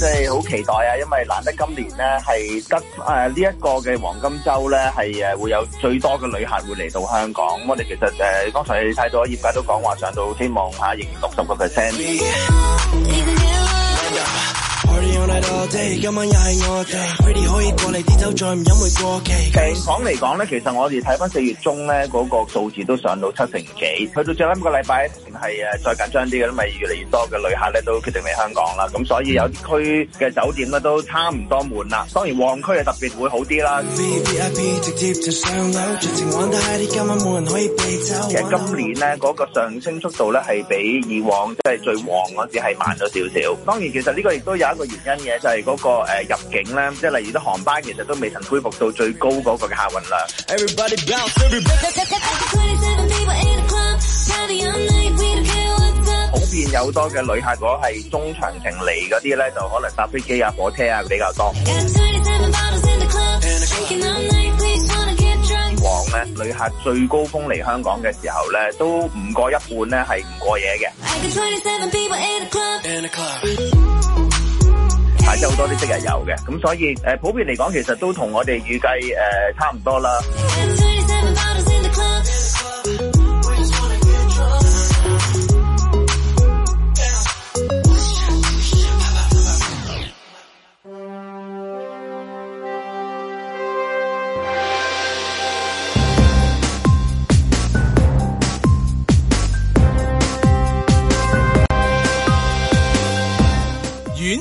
即係好期待啊，因為難得今年咧係得誒呢一個嘅黃金週咧係誒會有最多嘅旅客會嚟到香港。我哋其實誒剛才你睇到業界都講話上到希望嚇盈六十個 percent，病房嚟講咧，其實我哋睇翻四月中咧嗰個數字都上到七成幾，去到最後一個禮拜一定係誒再緊張啲嘅，因為越嚟越多嘅旅客咧都決定嚟香港啦。咁所以有啲區嘅酒店咧都差唔多滿啦。當然旺區啊特別會好啲啦。其實今年咧嗰個上升速度咧係比以往即係最旺嗰時係慢咗少少。當然其實呢個亦都有一個原。因嘢就係嗰個，呃，入境咧，即係例如啲航班其實都未曾恢復到最高嗰個嘅客運量。Everybody bounce, everybody. 普遍有多嘅旅客，如果係中長程嚟嗰啲咧，就可能搭飛機啊、火車啊比較多。以往咧，旅客最高峰嚟香港嘅時候咧，都唔過一半咧係唔過夜嘅。排出好多啲即日遊嘅，咁所以誒、呃，普遍嚟講，其實都同我哋預計誒差唔多啦。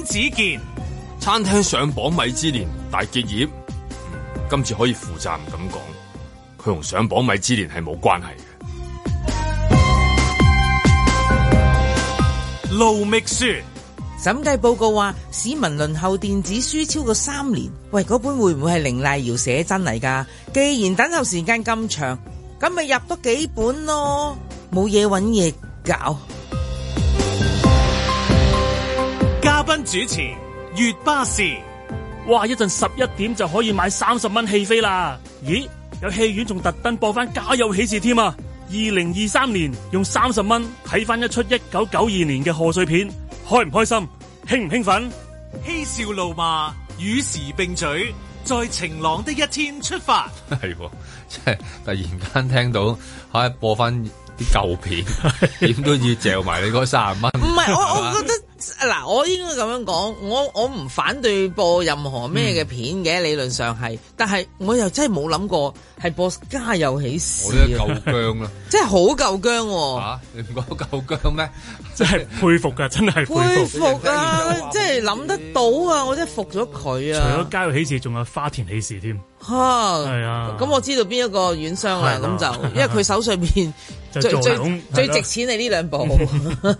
子健餐廳上榜米芝蓮大結業。嗯，今次可以負責任咁講，佢同上榜米芝蓮係冇關係嘅。盧覓雪審計報告話，市民輪候電子書超過三年，喂，嗰本會唔會係凌麗瑤寫真嚟噶？既然等候時間咁長，咁咪入多幾本咯，冇嘢揾嘢搞。分主持月巴士，哇！一陣十一點就可以買三十蚊戲飛啦。咦？有戲院仲特登播翻《家有喜事》添啊！二零二三年用三十蚊睇翻一出一九九二年嘅賀歲片，開唔開心？興唔興奮？嬉笑怒罵，與時並舉，在晴朗的一天出發。係，即係突然間聽到可以播翻啲舊片，點都要嚼埋你嗰三十蚊。唔係，我我覺得。嗱，我應該咁樣講，我我唔反對播任何咩嘅片嘅，理論上係，但係我又真係冇諗過係播家有喜事啊，即係好夠薑咯，即係好夠薑，吓你唔覺得夠薑咩？即係佩服㗎，真係佩服啊！即係諗得到啊，我真係服咗佢啊！除咗家有喜事，仲有花田喜事添，係啊！咁我知道邊一個院商啦，咁就因為佢手上邊最最值錢係呢兩部呢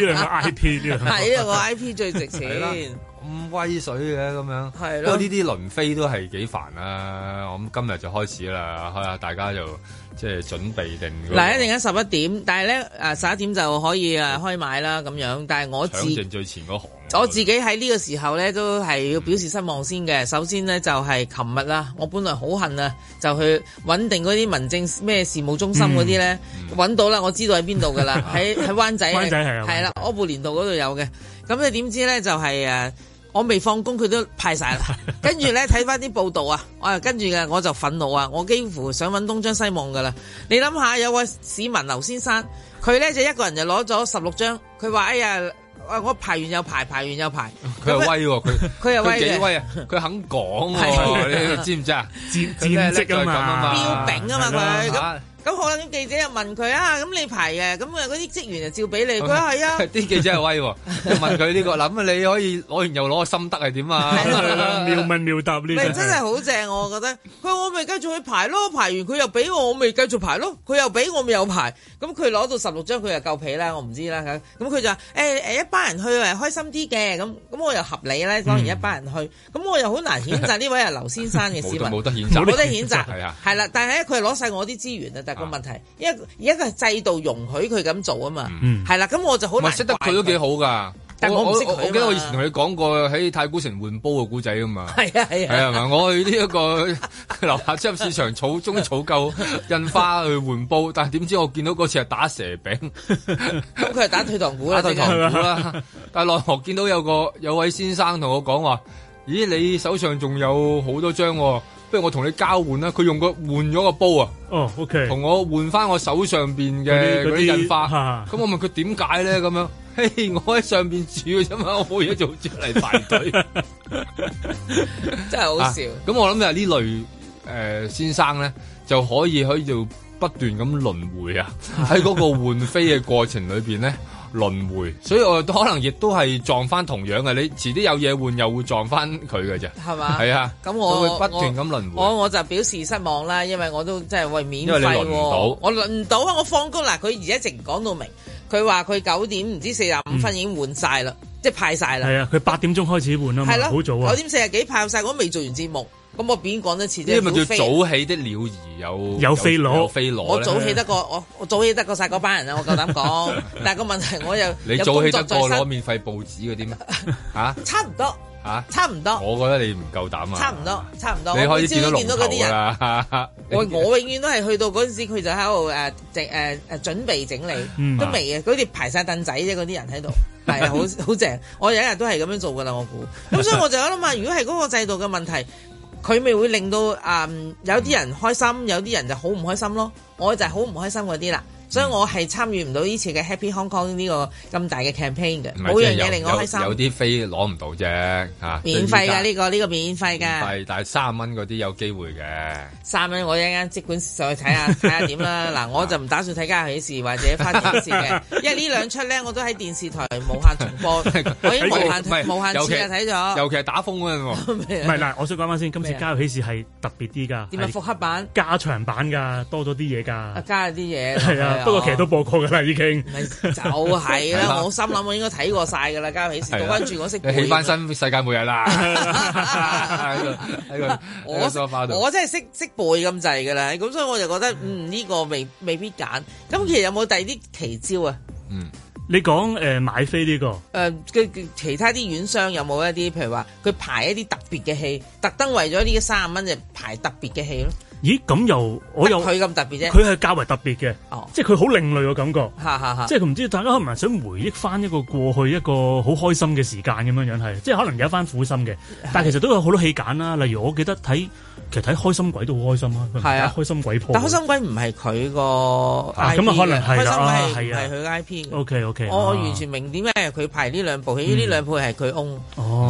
兩個 I P 係呢個個 I P 最值錢。對對咁威水嘅咁樣，不過呢啲輪飛都係幾煩啦。我諗今日就開始啦，開下大家就即係、就是、準備定嗱、那個，一陣間十一點，但係咧誒十一點就可以誒開、嗯、買啦咁樣。但係我搶住最前嗰行，我自己喺呢個時候咧都係要表示失望先嘅。嗯、首先呢，就係琴日啦，我本來好恨啊，就去搵定嗰啲民政咩事務中心嗰啲咧搵到啦，我知道喺邊度噶啦，喺喺灣仔，灣 仔係係啦，柯布連道嗰度有嘅。咁你點知咧就係、是、誒、啊？就是啊我未放工，佢都派晒啦。跟住咧睇翻啲報道啊，我又跟住嘅，我就憤怒啊！我幾乎想揾東張西望嘅啦。你諗下，有位市民劉先生，佢咧就一個人就攞咗十六張，佢話：哎呀，我排完又排，排完又排。佢係威喎、啊，佢佢係威，幾威、啊？佢肯講喎、啊， 你知唔知啊？戰戰績啊嘛，標炳啊嘛，佢、嗯、咁。嗯嗯嗯嗯咁可能啲記者又問佢啊，咁你排嘅，咁啊嗰啲職員就照俾你，佢係啊。啲記者係威喎，又問佢呢個，嗱啊你可以攞完又攞個心得係點啊，妙問妙答呢？真係好正我覺得，佢我咪繼續去排咯，排完佢又俾我，我咪繼續排咯，佢又俾我咪又排。咁佢攞到十六張佢又夠皮啦，我唔知啦。咁佢就話誒誒一班人去誒開心啲嘅，咁咁我又合理咧，當然一班人去，咁我又好難譴責呢位係劉先生嘅市民，冇得譴責，冇得譴責，係啦。但係佢攞晒我啲資源個、啊、問題，因為而家個制度容許佢咁做啊嘛，係、嗯、啦，咁我就難好難識得佢都幾好噶，但我唔識我記得我以前同你講過喺太古城換煲嘅古仔啊嘛，係啊係啊，係咪？我去呢一個樓下超級市場儲終於儲夠印花去換煲，但係點知我見到嗰次係打蛇餅，咁佢係打退堂鼓啦，退堂鼓啦。但係奈何見到有個有位先生同我講話，咦，你手上仲有好多張、哦？不如我同你交換啦，佢用個換咗個煲啊，哦、oh，OK，同我換翻我手上邊嘅嗰啲印花，咁我問佢點解咧咁樣？嘿，我喺上邊住嘅啫嘛，我冇嘢做出嚟排隊， 真係好笑。咁、啊、我諗就係呢類誒、呃、先生咧，就可以喺度不斷咁輪迴啊，喺嗰個換飛嘅過程裏邊咧。 輪回，所以我可能亦都係撞翻同樣嘅，你遲啲有嘢換又會撞翻佢嘅啫，係嘛吧？係啊，咁我會不斷咁輪迴，我我我就表示失望啦，因為我都真係為免費、啊，輪,到,輪到，我輪唔到啊！我放工啦，佢而家一直講到明，佢話佢九點唔知四廿五分已經換晒啦，嗯、即係派晒啦。係啊，佢八點鐘開始換啊嘛，好、啊、早啊，九點四廿幾派晒，我未做完節目。咁我扁經講多次啫，因為咪叫早起的鳥兒有有飛羅，我早起得過我我早起得過晒嗰班人啊！我夠膽講，但係個問題我又你早起得過攞免費報紙嗰啲咩嚇？差唔多嚇，差唔多。我覺得你唔夠膽啊！差唔多，差唔多。你可以見到龍虎啦。我永遠都係去到嗰陣時，佢就喺度誒整誒誒準備整理，都未嘅。佢哋排晒凳仔啫，嗰啲人喺度係好好正。我有一日都係咁樣做㗎啦，我估。咁所以我就諗下，如果係嗰個制度嘅問題。佢咪會令到啊，嗯，有啲人開心，有啲人就好唔開心咯。我就係好唔開心嗰啲啦。所以我係參與唔到呢次嘅 Happy Hong Kong 呢個咁大嘅 campaign 嘅，冇樣嘢令我開心。有啲飛攞唔到啫嚇，免費㗎呢個呢個免費㗎。係，但係三蚊嗰啲有機會嘅。三蚊我一陣間即管上去睇下睇下點啦。嗱，我就唔打算睇家有喜事或者翻電視嘅，因為呢兩出咧我都喺電視台無限重播，我已經無限無限次啊睇咗。尤其係打風㗎喎，唔係嗱，我想講翻先，今次家有喜事係特別啲㗎。點啊？復刻版、加長版㗎，多咗啲嘢㗎。加咗啲嘢係啊。不過其實都播過嘅、就係、啦，已經。就係啦，我心諗我應該睇過晒嘅啦，加 吧起時。跟住我識背翻新世界末日啦。我真係識識背咁滯嘅啦，咁所以我就覺得嗯，呢個未未必揀。咁其實有冇第二啲奇招啊？嗯，你講誒、呃、買飛呢、呢個？誒嘅、呃、其他啲院商有冇一啲？譬如話佢排一啲特別嘅戲，特登為咗呢三十蚊就排特別嘅戲咯。 咦咁又我有佢咁特別啫，佢係較為特別嘅，即係佢好另類嘅感覺。即係唔知大家可唔係想回憶翻一個過去一個好開心嘅時間咁樣樣係，即係可能有一番苦心嘅，但係其實都有好多戲揀啦。例如我記得睇，其實睇《開心鬼》都好開心啊。係啊，開心鬼，但係開心鬼唔係佢個咁啊，可能係啊，佢 I P。O K O K，我完全明點解佢排呢兩部戲，呢兩部係佢 on，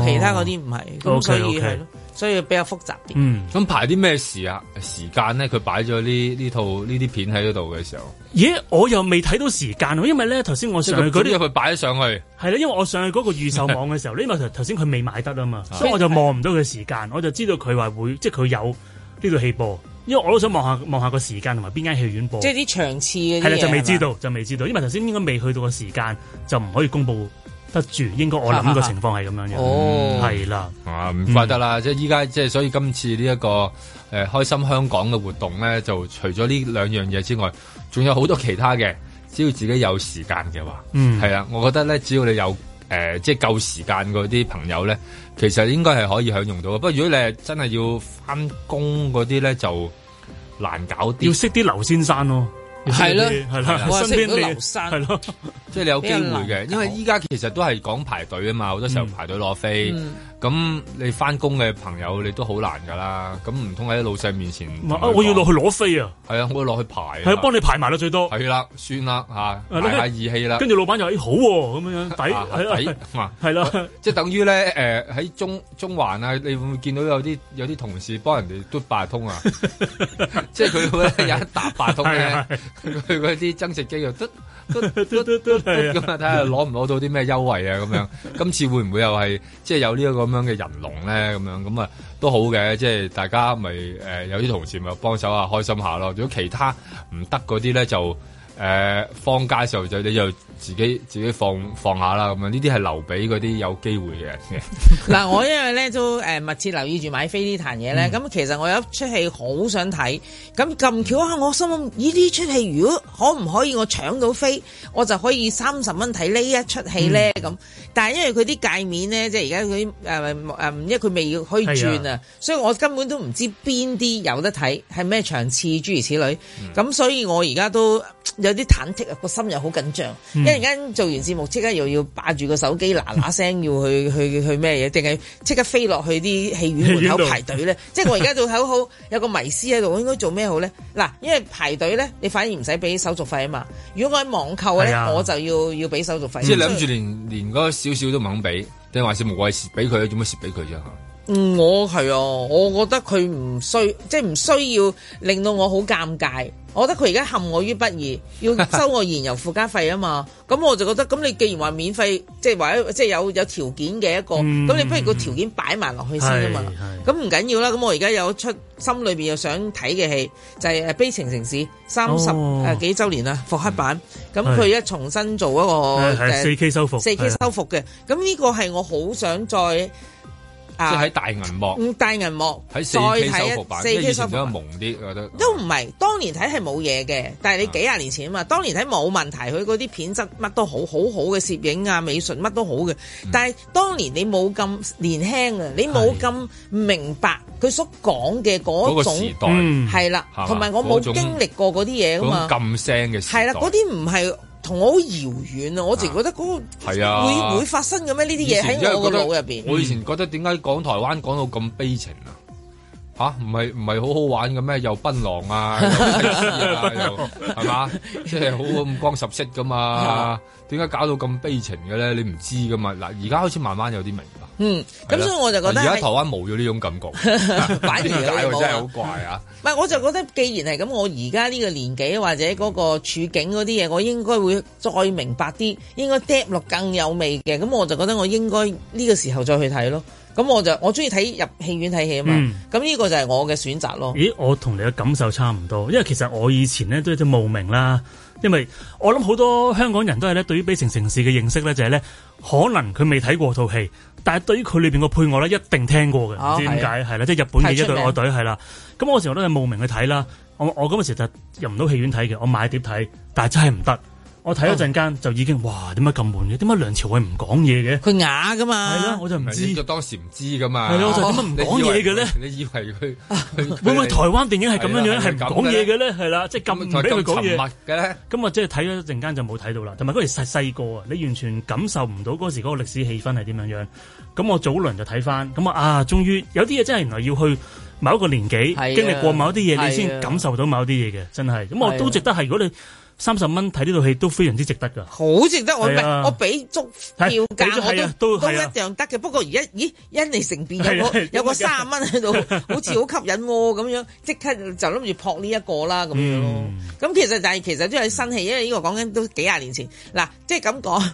其他啲唔係。O K 所以比較複雜啲。嗯，咁、嗯、排啲咩時啊時間咧？佢擺咗呢呢套呢啲片喺度嘅時候，咦？Yeah, 我又未睇到時間喎，因為咧頭先我上去嗰啲，因為佢擺咗上去。係咧，因為我上去嗰個預售網嘅時候， 因為頭先佢未買得啊嘛， 所以我就望唔到佢時間，我就知道佢話會即係佢有呢套戲播，因為我都想望下望下個時間同埋邊間戲院播。即係啲場次嗰啲係啦，就未知道就未知道，因為頭先應該未去到個時間，就唔可以公佈。得住，應該我諗個情況係咁樣嘅。哦、啊，係啦、嗯，啊唔、嗯啊、怪得啦，即係依家即係所以今次呢、這、一個誒、呃、開心香港嘅活動咧，就除咗呢兩樣嘢之外，仲有好多其他嘅。只要自己有時間嘅話，嗯，係啦，我覺得咧，只要你有誒、呃、即係夠時間嗰啲朋友咧，其實應該係可以享用到嘅。不過如果你係真係要翻工嗰啲咧，就難搞啲，要識啲劉先生咯。係咯，我身邊都留生，係咯的，即係的你有機會嘅， 因為依家其實都係講排隊啊嘛，好、嗯、多時候排隊攞飛。嗯嗯咁你翻工嘅朋友你都好難噶啦，咁唔通喺老細面前，我要落去攞飛啊？係啊，我要落去排，係啊，幫你排埋得最多。係啦，算啦吓，賣義氣啦。跟住老闆又誒好喎，咁樣樣抵抵，係啦，即係等於咧誒喺中中環啊，你會唔會見到有啲有啲同事幫人哋嘟八通啊？即係佢咧有一沓八通嘅，佢嗰啲增值機又得。今日睇下攞唔攞到啲咩優惠啊，咁樣今次會唔會又係即係有呢個咁樣嘅人龍咧？咁樣咁啊，都好嘅，即係大家咪誒、呃、有啲同事咪幫手啊，開心下咯。如果其他唔得嗰啲咧就～誒、呃，放假時候就你就自己自己放放下啦，咁樣呢啲係留俾嗰啲有機會嘅人嘅。嗱，我因為咧都誒密切留意住買飛呢壇嘢咧，咁、嗯、其實我有一出戲好想睇，咁咁巧啊，我心諗呢啲出戲如果可唔可以我搶到飛，我就可以三十蚊睇呢一出戲咧，咁。嗯、但係因為佢啲界面咧，即係而家佢，誒、呃、誒，因為佢未可以轉啊，是的 所以我根本都唔知邊啲有得睇，係咩場次，諸如此類。咁、嗯嗯、所以我而家都。有啲忐忑啊，個心又好緊張，一陣間做完節目，即刻又要霸住個手機嗱嗱聲， 要去去去咩嘢？定係即刻飛落去啲戲院門口排隊咧？ 即係我而家做睇好有個迷思喺度，我應該做咩好咧？嗱，因為排隊咧，你反而唔使俾手續費啊嘛。如果我喺網購咧，啊、我就要要俾手續費。即係諗住連連嗰少少都唔肯俾，定還是無謂蝕俾佢？做乜蝕俾佢啫？我係啊，我覺得佢唔需，即係唔需要令到我好尷尬。我覺得佢而家陷我於不義，要收我燃油附加費啊嘛。咁 我就覺得，咁你既然話免費，即係話即係有有條件嘅一個，咁、嗯、你不如個條件擺埋落去先啊嘛。咁唔緊要啦。咁我而家有出心裏面又想睇嘅戲，就係、是《悲情城市》三十誒幾周年啦，復刻版。咁佢一重新做一個四 K 修復，四是 K 修復嘅。咁呢是個係我好想再。即係喺大銀幕，大銀幕喺四 K 修復版，四 K 修復版朦啲，覺得都唔係。當年睇係冇嘢嘅，但係你幾廿年前啊嘛，當年睇冇問題。佢嗰啲片質乜都好，好好嘅攝影啊、美術乜都好嘅。但係當年你冇咁年輕啊，你冇咁明白佢所講嘅嗰種時代，係啦。同埋我冇經歷過嗰啲嘢啊嘛。嗰種咁聲嘅係啦，嗰啲唔係。同我好遙遠啊！我淨覺得嗰個會唔會發生嘅咩？呢啲嘢喺我腦入邊。我以前覺得點解講台灣講到咁悲情啊？吓？唔係唔係好好玩嘅咩？又檳榔啊，係嘛、啊？即係好五光十色噶嘛？點解搞到咁悲情嘅咧？你唔知噶嘛？嗱，而家開始慢慢有啲明白。嗯，咁所以我就覺得而家台灣冇咗呢種感覺，擺脱曬， 真係好怪啊。唔係、嗯，我就覺得既然係咁，我而家呢個年紀或者嗰個處境嗰啲嘢，我應該會再明白啲，應該 d e 落更有味嘅。咁我就覺得我應該呢個時候再去睇咯。咁我就我中意睇入戲院睇戲啊嘛。咁呢、嗯嗯嗯，這個就係我嘅選擇咯。咦，我同你嘅感受差唔多，因為其實我以前呢都有啲慕名啦，因為我諗好多香港人都係咧，對於悲情城市嘅認識呢，就係呢，可能佢未睇過套戲。但係對於佢裏邊個配樂咧，一定聽過嘅，唔、哦、知點解係啦，即係的日本嘅一隊樂隊係啦。咁我嗰時都係慕名去睇啦。我我咁嘅時就入唔到戲院睇嘅，我買碟睇，但係真係唔得。我睇咗一陣間就已經，哇！點解咁悶嘅？點解梁朝偉唔講嘢嘅？佢啞噶嘛？係咯，我就唔知。就當時唔知噶嘛。係咯，就點解唔講嘢嘅咧？你以為佢會唔會台灣電影係咁樣樣，係唔講嘢嘅咧？係啦，即係禁唔俾佢講嘢。沉默嘅咧。咁啊，即係睇咗一陣間就冇睇到啦。同埋嗰時細細個啊，你完全感受唔到嗰時嗰個歷史氣氛係點樣樣。咁我早輪就睇翻。咁啊啊，終於有啲嘢真係原來要去某一個年紀經歷過某啲嘢，你先感受到某啲嘢嘅，真係。咁我都值得係如果你。三十蚊睇呢套戲都非常之值得噶好值得我我，我俾足、啊、票價，啊、我都都一樣得嘅。不過而家，咦，印尼城邊有有個三十蚊喺度，好似好吸引咁樣，即刻就諗住撲呢一個啦咁樣咯。咁、嗯、其實但係其實都係新戲，因為呢個講緊都幾廿年前嗱、啊，即係咁講，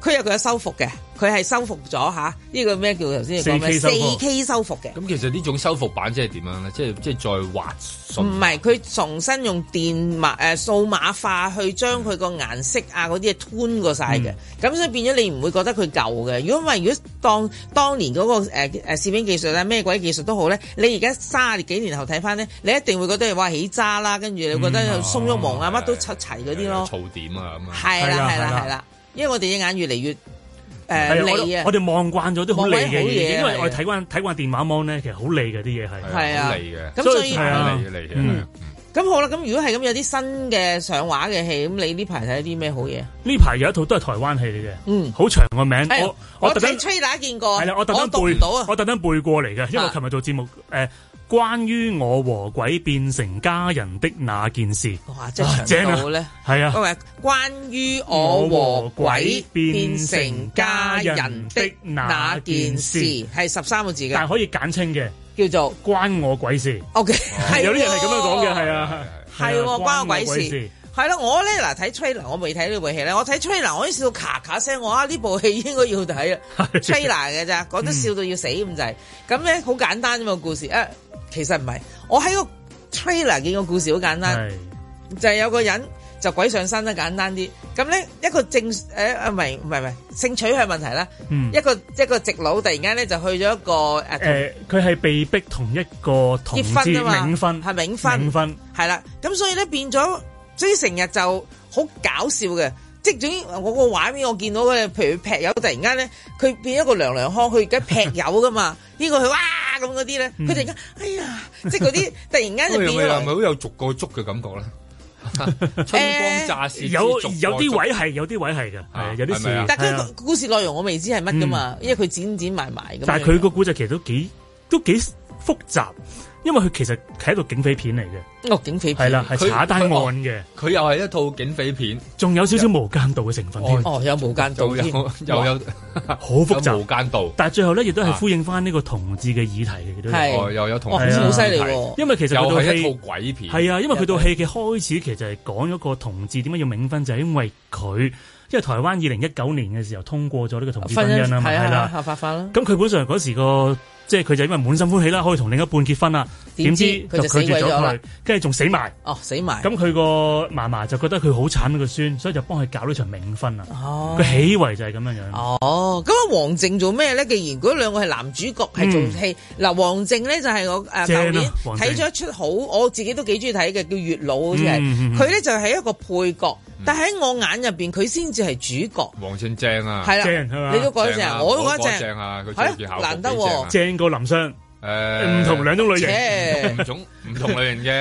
佢 有佢有修復嘅。佢係修復咗嚇，呢、啊這個咩叫頭先講咩四 K 修 4 K 復嘅？咁其實呢種修復版即係點樣咧？即係即係再畫唔係佢重新用電腦誒數碼化去將佢個顏色啊嗰啲嘢 turn 過曬嘅，咁、嗯、所以變咗你唔會覺得佢舊嘅。如果唔係，如果當當年嗰、那個誒誒攝影技術咧，咩鬼技術都好咧，你而家三十幾年後睇翻咧，你一定會覺得嘩起渣啦，跟住你會覺得有鬆鬱毛啊，乜、嗯嗯嗯嗯嗯嗯、都出齊嗰啲咯。噪、嗯、點啊咁、嗯、啊，係啦係啦係啦，因為我哋隻眼越嚟越。 係啊，我哋望慣咗啲好膩嘅嘢，因為我哋睇慣睇慣電話網咧，其實好利嘅啲嘢係，係啊，好嘅。咁所以係啊，咁好啦。咁如果係咁有啲新嘅上畫嘅戲，咁你呢排睇啲咩好嘢？呢排有一套都係台灣戲嚟嘅，嗯，好長個名，我我特登吹打見過，係啦，我特登背，我特登背過嚟嘅，因為琴日做節目誒。關於我和鬼變成家人的那件事，哇，即係長到咧，係啊，唔係、啊啊、關於我和鬼變成家人的那件事，係十三個字嘅，但係可以簡稱嘅，叫做關我鬼事。O K，有啲人係咁樣講嘅，係啊，係關我鬼事，係啦、啊。我咧嗱睇 trailer 我未睇呢部戲咧，我睇 trailer 我已經笑到咔咔聲。我啊呢部戲應該要睇啊 trailer 嘅咋，講得笑到要死咁滯。咁咧好簡單啫嘛，個故事啊。其實唔係，我喺個 trailer 見個故事好簡單，是就係有個人就鬼上身，得簡單啲。咁咧一個正，誒唔係唔係唔係，性取向問題啦、嗯，一個一個直佬突然間咧就去咗一個誒，佢、啊、係、呃、被逼同一個同。結婚啊嘛，係冥婚，冥婚係啦。咁分所以咧變咗，所以成日就好搞笑嘅。即係總之，我個畫面我見到嘅，譬如劈友突然間咧，佢變一個娘娘腔，佢而家劈友噶嘛？呢個佢哇咁嗰啲咧，佢突然間哎呀！即係嗰啲突然間就變咗。又咪好有逐個捉嘅感覺咧。春光乍泄，有有啲位係，有啲位係噶。係有啲事，但佢個故事內容我未知係乜噶嘛，因為佢剪剪埋埋。但係佢個古仔其實都幾都幾複雜。因為佢其實係一套警匪片嚟嘅，個警匪係啦，係查單案嘅。佢又係一套警匪片，仲有少少無間道嘅成分添。哦，有無間道添，又有好複雜無間道。但係最後咧，亦都係呼應翻呢個同志嘅議題嘅。係，又有同，哇，好犀利。因為其實佢係一套鬼片，係啊，因為佢套戲嘅開始其實係講咗個同志點解要冥婚，就係因為佢，因為台灣二零一九年嘅時候通過咗呢個同志婚姻啊嘛，係啦，合法化啦。咁佢本上嗰時個。即係佢就因為滿心歡喜啦，可以同另一半結婚啦，點知佢就拒絕咗佢，跟住仲死埋。哦，死埋。咁佢個嫲嫲就覺得佢好慘個孫，所以就幫佢搞咗場冥婚啦。哦，佢起為就係咁樣樣。哦，咁阿王靜做咩咧？既然嗰兩個係男主角，係做戲。嗱，王靜咧，就係我誒，舊年睇咗一出好，我自己都幾中意睇嘅，叫《月老》好似係。佢咧就係一個配角。但喺我眼入邊，佢先至係主角。王靜正啊，係啦，你都講得正，我都講得正。正啊，佢着件校服，難得正過林湘，誒，唔同兩種類型，唔同唔同類型嘅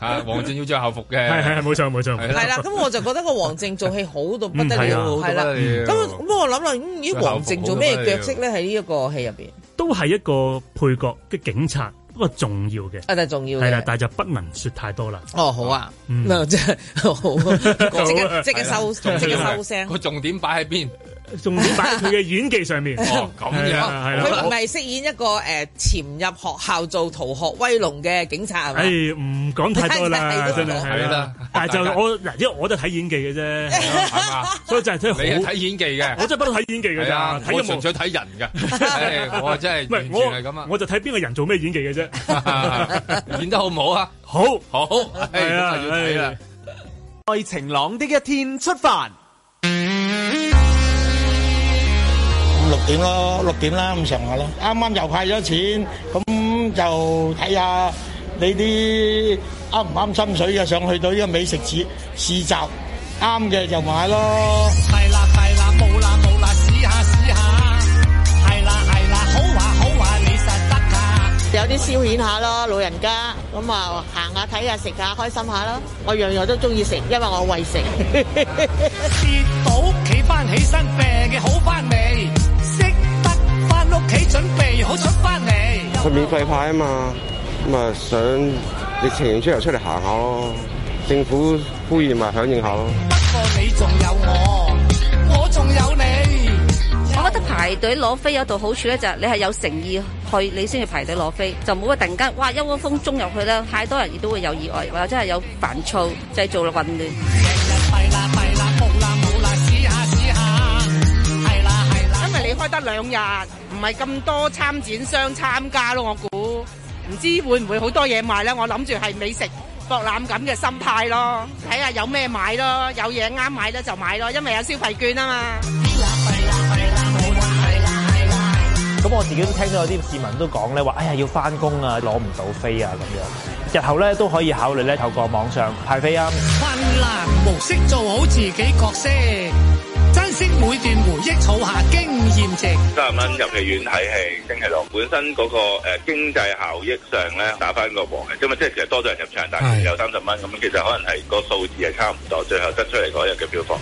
吓。王靜要着校服嘅，係係冇錯冇錯。係啦，咁我就覺得個王靜做戲好到不得了，係啦。咁咁我諗啦，咦，如果王靜做咩角色咧，喺呢一個戲入邊，都係一個配角嘅警察。不過重要嘅，啊，但係重要嘅，係啦，但係就不能說太多啦。哦，好啊，嗯，即係好，即刻即刻收，即 刻收聲。個 重點擺喺邊？仲要擺喺佢嘅演技上面，咁樣佢唔係飾演一個誒，潛入學校做逃學威龍嘅警察係嘛？誒，唔講太多啦，真係係啦。但係就我嗱，因為我都係睇演技嘅啫，係嘛？所以就係睇好。你係睇演技嘅，我真係不嬲睇演技嘅啫，我純粹睇人嘅。我真係完全係咁啊！我就睇邊個人做咩演技嘅啫，演得好唔好啊？好，好，係要睇啦。在晴朗的一天出發。六點咯，六點啦咁上下咯。啱啱又派咗錢，咁就睇下你啲啱唔啱心水就上去到呢個美食市市集，啱嘅就買咯。係啦係啦，冇啦冇啦，試下試下。係啦係啦，好話好話，你實得㗎。有啲消遣下咯，老人家咁啊行下睇下食下開心下咯。我樣樣都中意食，因為我為食。 跌到企翻起身，病嘅好翻未？你準備好出翻嚟，佢免費派啊嘛，咁啊想疫情完之後出嚟行下咯，政府呼籲咪響應下咯。不過你仲有我，我仲有你。多我覺得排隊攞飛有道好處咧，就係你係有誠意去，你先去排隊攞飛，就冇乜突然間哇一窩蜂衝入去啦。太多人亦都會有意外，或者係有煩躁，製造落混亂。弊啦弊啦，冇啦冇啦，試下試下，係啦係啦，因為你開得兩日，咪咁多參展商參加咯，我估唔知會唔會好多嘢賣咧。我諗住係美食博覽咁嘅心態咯，睇下有咩買咯，有嘢啱買咧就買咯，因為有消費券啊嘛。咁我自己都聽到啲市民都講咧，話哎呀要翻工啊，攞唔到飛啊咁樣，日後咧都可以考慮咧透過網上派飛啊。困難模式，做好自己角色。積每段回憶，儲下經驗值。三十蚊入戲院睇戲，真係落本身嗰、那個誒、呃、經濟效益上咧，打翻個鑊嘅。因為即係其實多咗人入場，但係有三十蚊，咁、嗯、其實可能係個數字係差唔多，最後得出嚟嗰日嘅票房。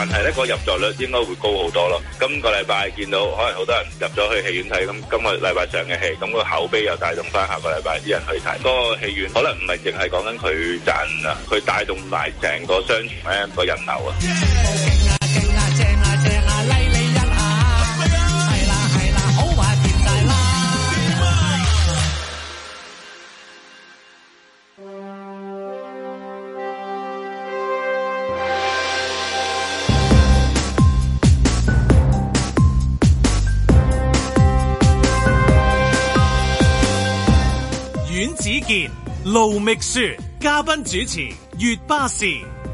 但係咧，個入座率應該會高好多咯。今個禮拜見到可能好多人入咗去戲院睇，咁今個禮拜上嘅戲，咁個口碑又帶動翻下個禮拜啲人去睇。嗰個戲院可能唔係淨係講緊佢賺啊，佢帶動埋成個商場咧個人流啊。子健、盧覓雪嘉賓主持，月巴士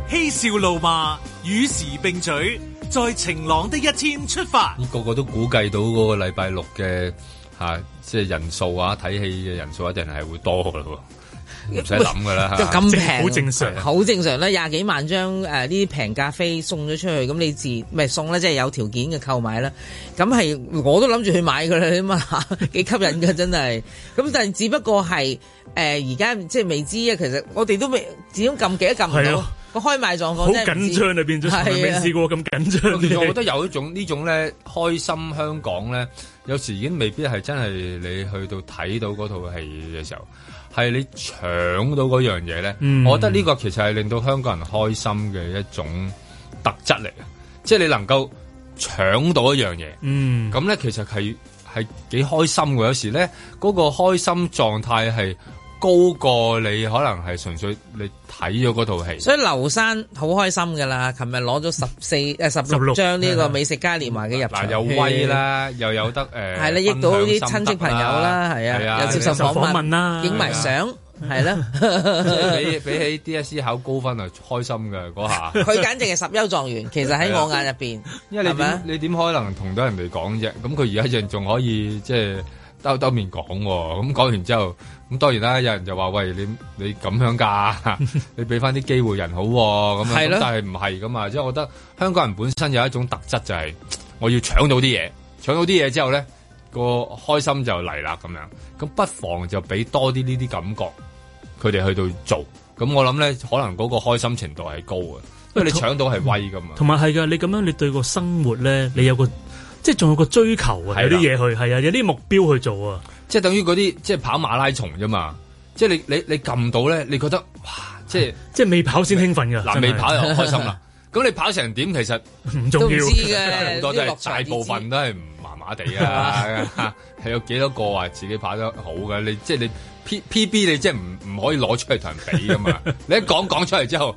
嬉笑怒罵，與時並舉，在晴朗的一天出發。個個都估計到嗰個禮拜六嘅吓，即係人數啊，睇戲嘅人數一定係會多噶咯。唔使諗噶啦，咁平好正常，好正常啦。廿幾萬張誒，呢啲平價飛送咗出去，咁、嗯、你自唔送咧，即係有條件嘅購買啦。咁係我都諗住去買噶啦，起碼吓幾吸引噶，真係。咁但係只不過係誒，而、呃、家即係未知啊。其實我哋都未始終撳幾多撳，個、啊、開賣狀況好緊張就變咗未試過咁緊張嘅。 我覺得有一種，種呢種咧，開心香港咧，有時已經未必係真係你去到睇到嗰套戲嘅時候，係你搶到嗰樣嘢咧，嗯、我覺得呢個其實係令到香港人開心嘅一種特質嚟啊！即係你能夠搶到一、嗯、樣嘢，咁咧其實係係幾開心嘅。有時咧，嗰、嗰個開心狀態係。高過你，可能係純粹你睇咗嗰套戲。所以劉生好開心噶啦，琴日攞咗十四誒十六張呢個美食嘉年華嘅入場券啦，又威啦，又有得誒係啦，益到啲親戚朋友啦，係啊，又接受訪問啦，影埋相係啦。比比起 DSE 考高分啊，開心嘅嗰下。佢簡直係十優狀元，其實喺我眼入邊，因為你啊？你點可能同得人哋講啫？咁佢而家仲仲可以即係。兜兜面講，啊，咁講完之後，咁當然啦，有人就話：喂，你你咁樣㗎？你俾翻啲機會人好，啊，咁樣，是的，但係唔係㗎嘛。即係我覺得香港人本身有一種特質，就係我要搶到啲嘢，搶到啲嘢之後咧，個開心就嚟啦咁樣。咁不妨就俾多啲呢啲感覺佢哋去到做，咁我諗咧，可能嗰個開心程度係高嘅，因為你搶到係威噶嘛。同埋係噶，你咁樣你對個生活咧，你有個。即係仲有個追求啊，有啲嘢去，係啊的，有啲目標去做啊。即係等於嗰啲即係跑馬拉松啫嘛。即係你你你撳到咧，你覺得，哇即係即係未跑先興奮噶，嗱未跑又好開心啦。咁 你跑成點其實唔重要，好多都係 大部分都係麻麻地啊。係有幾多個話自己跑得好嘅？你即係你 P P B 你即係唔唔可以攞出嚟同人比噶嘛。 你一講講出嚟之後。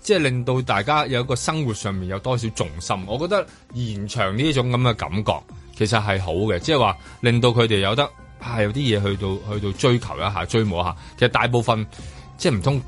即係令到大家有個生活上面有多少重心，我覺得延長呢種咁嘅感覺其實係好嘅，即係話令到佢哋有得係、啊、有啲嘢去到去到追求一下追摸一下，其實大部分即係唔通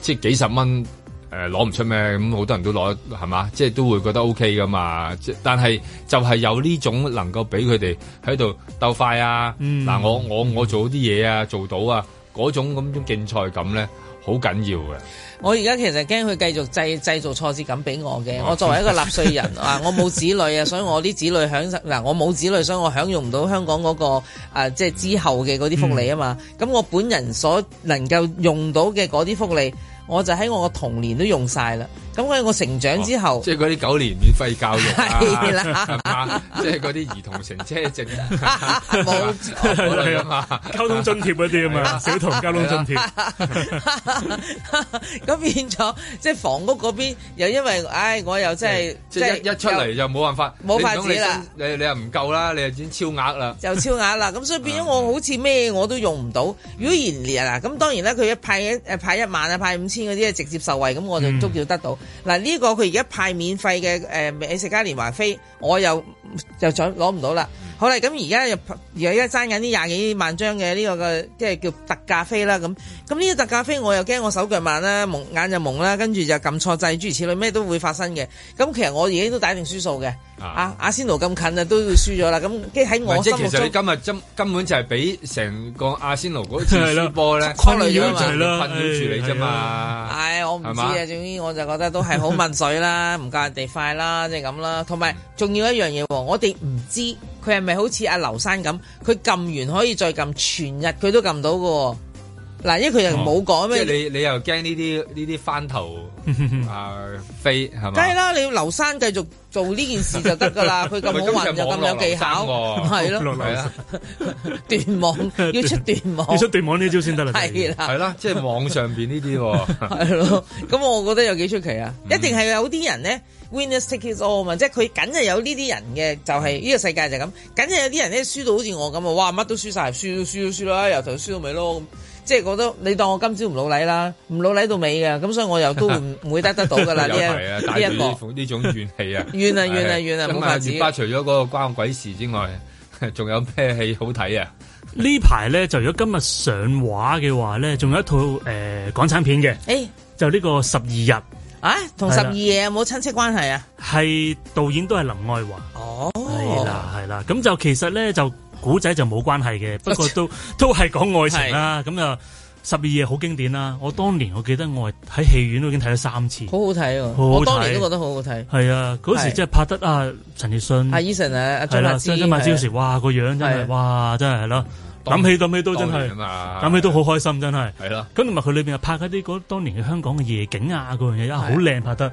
即係幾十蚊誒攞唔出咩咁，好多人都攞係嘛，即係都會覺得 OK 㗎嘛。但係就係有呢種能夠俾佢哋喺度鬥快啊，嗱、嗯啊、我我我做啲嘢啊做到啊嗰種咁種競賽感咧。好緊要嘅，我而家其實驚佢繼續製製造挫折感俾我嘅。 我作為一個納稅人啊， 我冇子女啊，所以我啲子女享受。嗱，我冇子女，所以我享用唔到香港嗰、嗰個啊、呃，即係之後嘅嗰啲福利啊嘛。咁、嗯、我本人所能夠用到嘅嗰啲福利。我就喺我嘅童年都用晒啦，咁佢我成長之後，即係嗰啲九年免費教育，係啦，即係嗰啲兒童乘車證，冇交通津貼嗰啲啊嘛，小童交通津貼，咁變咗即係房屋嗰邊又因為唉我又真係即係一出嚟就冇辦法，冇法子啦，你你又唔夠啦，你又已經超額啦，就超額啦，咁所以變咗我好似咩我都用唔到，如果年年啊咁，當然啦，佢一派一誒派一萬啊派五千。千嗰啲係直接受惠，咁我就足叫得到。嗱、這、呢個佢而家派免費嘅誒美食家連環飛，我又，就攞唔到啦。好啦，咁而家又而家爭緊呢廿幾萬張嘅，呢個嘅，即係叫特價飛啦。咁咁呢啲特價飛，我又驚我手腳慢啦，蒙眼就蒙啦，跟住就撳錯掣，諸如此類，咩都會發生嘅。咁其實我自己都打定輸數嘅。阿仙奴咁近啊，啊近都要輸咗啦。咁即係喺我即係其實你今日根本就係俾成個阿仙奴嗰次輸波咧困住你嘛。係咯、哎，困住你啫嘛。係我唔知啊。哎、知吧總之我就覺得都係好問水啦，唔夠人哋快啦，即係咁啦。同埋仲要一樣嘢。我哋唔知佢係咪好似阿劉生咁，佢撳完可以再撳，全日佢都撳到嘅。嗱，因為佢又冇講咩。即係你，你又驚呢啲呢啲返頭啊飛係咪？梗係啦，你要劉生繼續做呢件事就得噶啦。佢咁好運又咁有技巧，係咯，斷網要出斷網，要出斷網呢招先得啦。係啦，係啦，即係網上邊呢啲。係咯，咁我覺得有幾出奇啊！一定係有啲人咧。Winners take it all 嘛，即係佢梗係有呢啲人嘅，就係呢個世界就係咁，梗係有啲人咧輸到好似我咁啊！哇，乜都輸晒，輸都輸都輸啦，由頭輸到尾咯。即係覺得你當我今朝唔老力啦，唔老力到尾嘅，咁所以我又都唔唔會得得到噶啦呢一呢一個呢種怨氣啊！怨啊怨啊怨啊！咁啊，冇法除咗嗰個關我鬼事之外，仲有咩戲好睇啊？呢排咧，就如果今日上畫嘅話咧，仲有一套誒港產片嘅，誒，Hey. 就呢個十二日。啊，同十二夜有冇親戚關係啊？係導演都係林愛華。哦，係啦係啦，咁就其實咧就古仔就冇關係嘅，不過都都係講愛情啦。咁啊 的，十二夜好經典啦。我當年我記得我喺戲院都已經睇咗三次，好好睇，啊，好我當年都覺得好好睇。係的啊，嗰時即係拍得阿陳奕迅、阿 Eason 誒、阿張柏芝，張柏芝嗰時哇個樣真係哇真係係咯。諗起到起都真係，諗、啊、起都好開心真係。係咯的，咁同埋佢裏邊又拍嗰啲嗰當年嘅香港嘅夜景啊嗰樣嘢啊好靚拍得。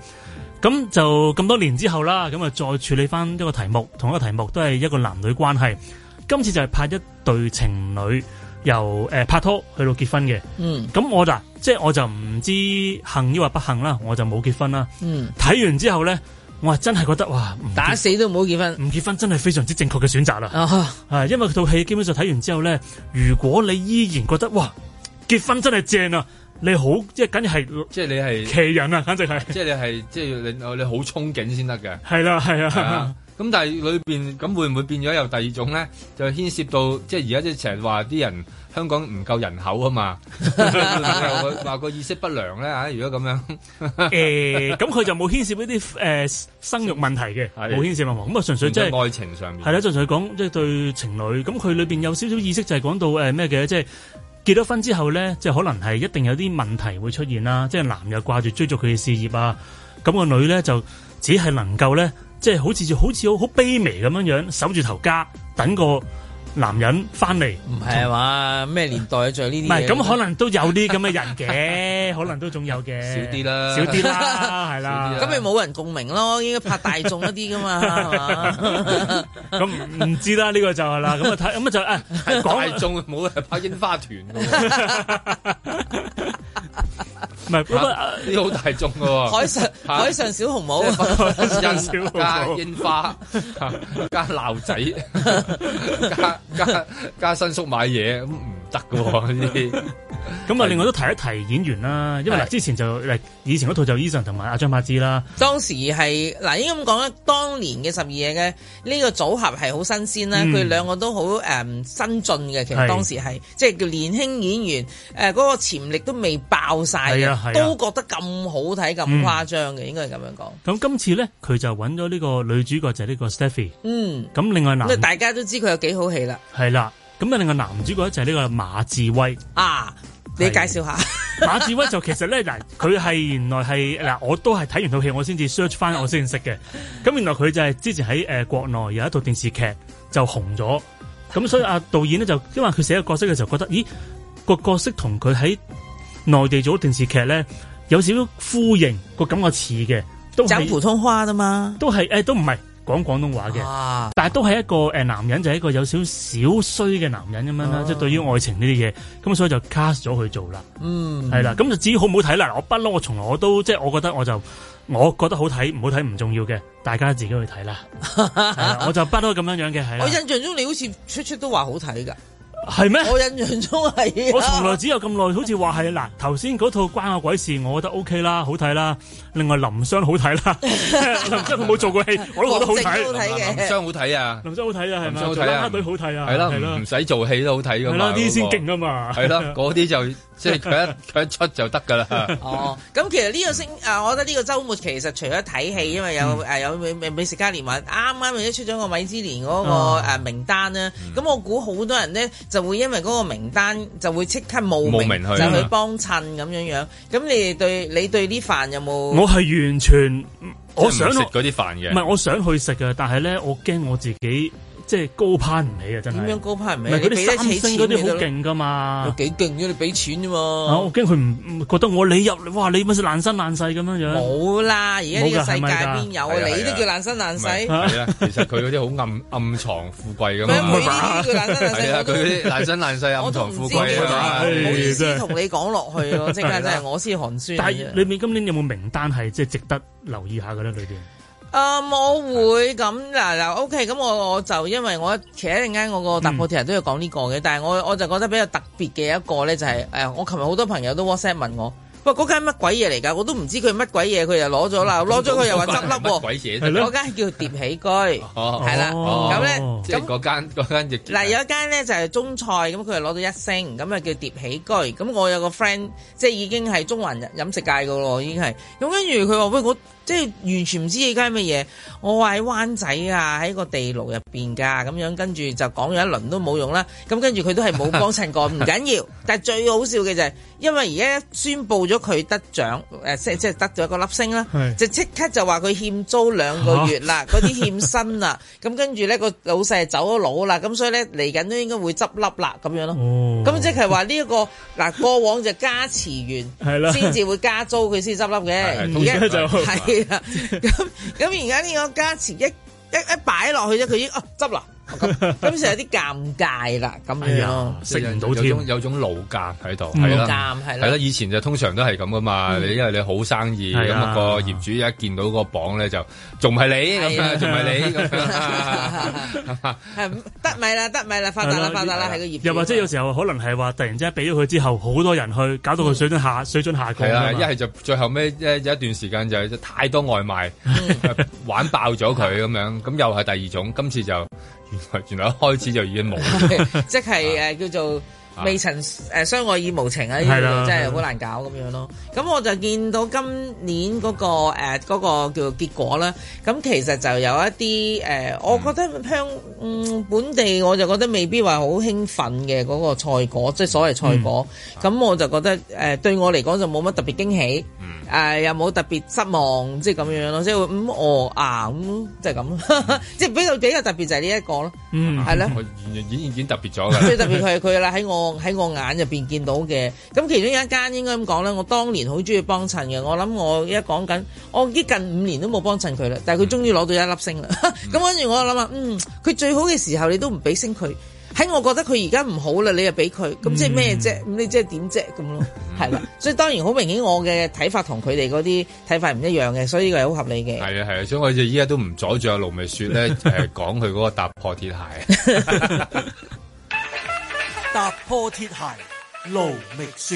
咁的就咁多年之後啦，咁啊再處理翻一個題目，同一個題目都係一個男女關係。今次就係拍一對情侶由誒、呃、拍拖去到結婚嘅。嗯，咁我就即係、就是、我就唔知幸抑或不幸啦，我就冇結婚啦。嗯，睇完之後咧。我真係覺得哇，打死都唔好結婚，唔結婚真係非常之正確嘅選擇啦。啊，uh huh. 因為套戲基本上睇完之後咧，如果你依然覺得哇，結婚真係正啊，你好即係梗係即係你係奇人啊，簡直係即係你係即係你，你好憧憬先得嘅。係啦係啦，咁、啊 嗯、但係裏邊咁會唔會變咗有第二種咧？就牽涉到即係而家即係成日話啲人。香港唔夠人口啊嘛，話個意識不良咧吓，如果咁樣，誒，咁佢就冇牽涉嗰啲誒生育問題嘅，冇牽涉任何，咁啊純粹即係愛情上面，係啦，純粹講即係對情侶，咁佢裏邊有少少意識就係講到誒咩嘅，即係結咗婚之後咧，即係可能係一定有啲問題會出現啦，即係男又掛住追逐佢嘅事業啊，咁個女咧就只係能夠咧，即係好似好似好好卑微咁樣樣守住頭家，等個。男人翻嚟唔係啊嘛？咩年代仲有呢啲？唔係咁，可能都有啲咁嘅人嘅， 可能都仲有嘅。少啲啦，少啲啦，係 啦。咁咪冇人共鳴咯，應該拍大眾一啲噶嘛。係咪？咁唔知啦，呢、這個就係啦。咁啊睇，咁啊就啊係、哎、大眾，冇係拍櫻花團。 唔係呢個好大眾噶、啊、喎，海上、啊、海上小紅帽，加櫻花，加鬧仔，加加加新宿買嘢咁。嗯得嘅，咁啊！另外都提一提演員啦，因為嗱，之前就以前嗰套就 Eason 同埋阿張柏芝啦。當時係嗱，應該咁講咧，當年嘅十二夜咧，呢、這個組合係好新鮮啦。佢兩、嗯、個都好誒、嗯、新進嘅，其實當時係是即係叫年輕演員誒，嗰、呃那個潛力都未爆晒、啊啊、都覺得咁好睇、咁誇張嘅，嗯、應該係咁樣講。咁、嗯、今次咧，佢就揾咗呢個女主角就呢、是、個 Stephy。嗯，咁另外男，大家都知佢有幾好戲啦。係啦。咁啊，另外一個男主角就係呢個馬志威啊，你介紹下 馬志威就其實咧嗱，佢係原來係嗱，我都係睇完套戲我先至 search 翻，我先認識嘅。咁原來佢就係之前喺誒國內有一套電視劇就紅咗，咁 所以阿導演咧就因為佢寫個角色嘅時候覺得，咦、個角色同佢喺內地做電視劇咧有少少呼應個感覺似嘅，都講普通話的嘛、欸，都係誒都唔係。講廣東話嘅，啊、但係都係一個誒、呃、男人，就係一個有少少衰嘅男人咁樣啦。啊、即係對於愛情呢啲嘢，咁所以就 cast 咗去做啦。嗯，係啦，咁就至於好唔好睇啦。我不嬲，我從來我都即係我覺得我就我覺得好睇唔好睇唔重要嘅，大家自己去睇啦 我就不嬲咁樣樣嘅，係 我印象中你好似出出都話好睇噶。係咩？我印象中係，我從來只有咁耐，好似話係嗱，頭先嗰套關我鬼事，我覺得 OK 啦，好睇啦。另外林湘好睇啦，林湘佢冇做過戲，我都覺得好睇。林湘好睇嘅，林湘好睇啊，林湘好睇啊，係咪？林湘好睇啊，係啦係啦，唔使做戲都好睇噶嘛。嗰啲先勁啊嘛，係啦，嗰啲就。 即係佢一佢一出就得噶啦。哦，咁其實呢個星誒，我覺得呢個周末其實除咗睇戲，因為有誒有美美食嘉年華，啱啱亦都出咗個米芝蓮嗰個誒名單咧。咁、哦、我估好多人咧就會因為嗰個名單就會即刻慕名，名去，就去幫襯咁樣樣。咁、啊、你，你對你對啲飯有冇？我係完全，我想食嗰啲飯嘅，唔係我想去食噶，但係咧我驚我自己。即係高攀唔起啊！真係，點樣高攀唔起？唔係嗰啲三星嗰啲好勁噶嘛，幾勁啫？你俾錢啫嘛。我驚佢唔唔覺得我你入，哇！你咪係爛身爛世咁樣樣。冇啦，而家呢個世界邊有你都叫爛身爛世？其實佢嗰啲好暗暗藏富貴噶嘛。唔係呢啲叫爛身爛世，佢嗰啲爛身爛世暗藏富貴。我唔好意思同你講落去咯，真係真係我先寒酸。但係你今年有冇名單係即係值得留意下嘅咧？裏邊？啊、嗯！我會咁嗱嗱，OK，咁我我就因為我其實一陣間我、這個答破貼人都有講呢個嘅，嗯、但係我我就覺得比較特別嘅一個咧就係、是、誒、哎、我琴日好多朋友都 WhatsApp 問我。喂，嗰間乜鬼嘢嚟㗎？我都唔知佢乜鬼嘢，佢又攞咗啦，攞咗佢又話執笠喎。嗰間叫疊起居，係啦。咁咧，即嗰間嗰間嗱有一間咧就係中菜，咁佢又攞到一星，咁咪叫疊起居。咁我有個 friend 即係已經係中環飲食界㗎咯，已經係咁跟住佢話，喂，我即係完全唔知依間係乜嘢。我話喺灣仔啊，喺個地牢入邊㗎咁樣，跟住就講咗一輪都冇用啦。咁跟住佢都係冇幫襯過，唔緊要。但係最好笑嘅就係，因為而家宣布。咗佢得獎誒、呃，即係即係得咗一個粒星啦，就是即刻就話佢欠租兩個月啦，嗰啲、哦啊、欠薪啦，咁 跟住咧個老細走咗佬啦，咁所以咧嚟緊都應該會執笠啦，咁樣咯。咁、哦、即係話呢一個嗱、呃、過往就加持完先至 會加租，佢先執笠嘅。而家就係啊，咁咁而家呢個加持一，一一一擺落去啫，佢已經啊執啦。啊咁成有啲尷尬啦，咁樣咯，食唔到添，有種有種老尷喺度，老尷係啦，係啦，以前就通常都係咁噶嘛，你因為你好生意，咁個業主一見到個榜咧就仲係你，仲係你，係得咪啦，得咪啦，發達啦發達啦，係個業主，又或者有時候可能係話突然之間俾咗佢之後，好多人去，搞到佢水準下水準下降，係一係就最後尾有一段時間就太多外賣玩爆咗佢咁樣，咁又係第二種，今次就。原來原來一開始就已經冇 ，即係誒叫做。未曾誒相愛已無情啊！呢個真係好難搞咁樣咯。咁我就見到今年、嗰個誒、呃嗰個叫結果啦，咁其實就有一啲誒、呃、我覺得香嗯本地我就覺得未必話好興奮嘅、嗰個賽果，即係所謂賽果。咁、嗯、我就覺得誒、呃、對我嚟講就冇乜特別驚喜，誒、嗯呃、又冇特別失望，即係咁樣咯。即係咁我啊咁、嗯就是、 即係咁，即係比較比較特別就係呢一個咯，係咯、嗯。演演演特別咗㗎，最特別佢佢啦喺我。喺我眼入邊見到嘅，咁其中有一間應該咁講咧，我當年好中意幫襯嘅，我諗我而家講緊，我依近五年都冇幫襯佢啦，但係佢終於攞到一粒星啦，咁跟住我諗啊，嗯，佢最好嘅時候你都唔俾星佢，喺、哎、我覺得佢而家唔好啦，你又俾佢，咁即係咩啫？咁你即係點啫？咁咯，係啦，所以當然好明顯，我嘅睇法同佢哋嗰啲睇法唔一樣嘅，所以佢係好合理嘅。係啊係啊，所以我就依家都唔阻住阿盧覓雪咧，係講佢嗰個踏破鐵鞋。 破鐵鞋路未熟。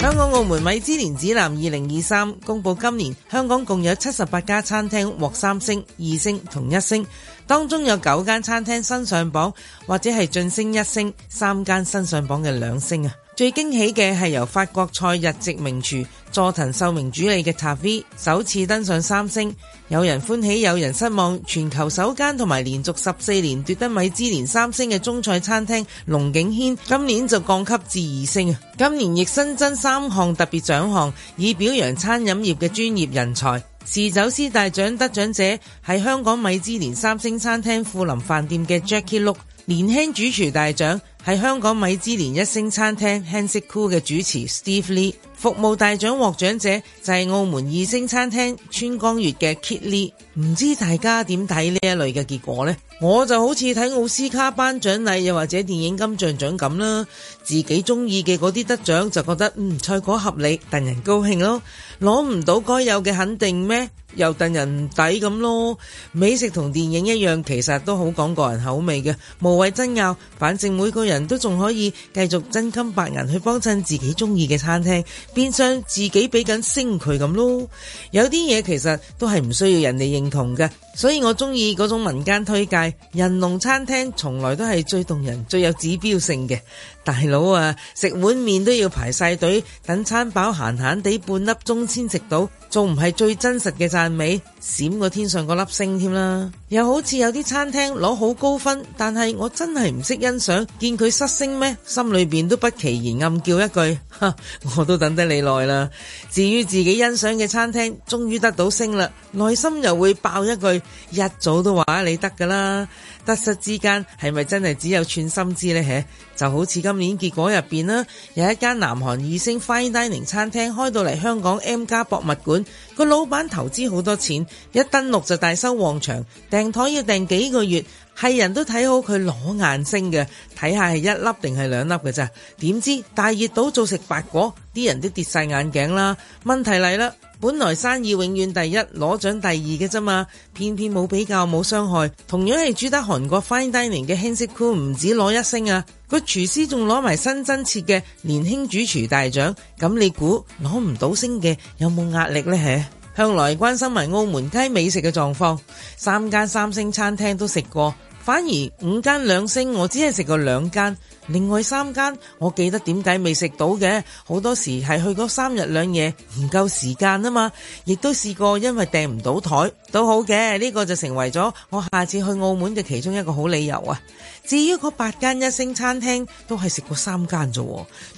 香港澳門米芝蓮指南二零二三公布，今年香港共有七十八家餐廳獲三星、二星同一星，當中有九間餐廳新上榜或者係晉升一星，三間新上榜嘅兩星啊。最驚喜嘅係由法國菜日籍名廚佐藤秀明主理嘅 Tavi 首次登上三星，有人歡喜有人失望。全球首間同埋連續十四年奪得米芝蓮三星嘅中菜餐廳龍景軒，今年就降級至二星。今年亦新增三項特別獎項，以表揚餐飲業嘅專業人才。侍酒師大獎得獎者係香港米芝蓮三星餐廳富林飯店嘅 Jackie Look，年輕主廚大獎。係香港米芝蓮一星餐廳 Hansik Goo 嘅主持 Steve Lee，服務大獎獲獎者就係澳門二星餐廳川江月嘅 Kit Lee。唔知大家點睇呢一類嘅結果呢？我就好似睇奧斯卡頒獎禮又或者電影金像獎咁啦，自己中意嘅嗰啲得獎就覺得嗯賽果合理，戥人高興咯。攞唔到該有嘅肯定咩？又戥人唔抵咁咯。美食同電影一樣，其實都好講個人口味嘅，無謂爭拗。反正每個人都仲可以繼續真金白銀去幫襯自己中意嘅餐廳，變相自己俾緊星佢咁咯。有啲嘢其實都係唔需要人哋認。唔同嘅。所以我中意嗰種民間推介人龍餐廳，從來都係最動人、最有指標性嘅。大佬啊，食碗麵都要排晒隊，等餐飽閒閒地半粒鐘先食到，仲唔係最真實嘅讚美？閃過天上嗰粒星添啦！又好似有啲餐廳攞好高分，但係我真係唔識欣賞，見佢失星咩？心裏邊都不期然暗叫一句：哈，我都等得你耐啦！至於自己欣賞嘅餐廳，終於得到星啦，內心又會爆一句。一早都話你得噶啦，得失之間係咪真係只有寸心知呢？吓，就好似今年結果入邊啦，有一間南韓二星 Fine Dining 餐廳開到嚟香港 M+ 博物館，個老闆投資好多錢，一登陸，就大收旺場，訂枱，要訂幾個月，係人都睇好佢攞眼星嘅，睇下係一粒定係兩粒嘅咋？點知大熱倒灶食白果，啲人都跌晒眼鏡啦！問題嚟啦～本來生意永遠第一，攞獎第二嘅啫嘛，偏偏冇比較冇傷害，同樣係主打韓國 Fine Dining 嘅 Hansik Goo 唔止攞一星啊，個廚師仲攞埋新增設嘅年輕主廚大獎，咁你估攞唔到星嘅有冇壓力呢？向來關心埋澳門街美食嘅狀況，三間三星餐廳都食過。反而五間兩星，我只係食過兩間，另外三間我記得點解未食到嘅，好多時係去嗰三日兩夜唔夠時間啊嘛，亦都試過因為訂唔到台，都好嘅，呢個就成為咗我下次去澳門嘅其中一個好理由啊。至於嗰八間一星餐廳，都係食過三間咋，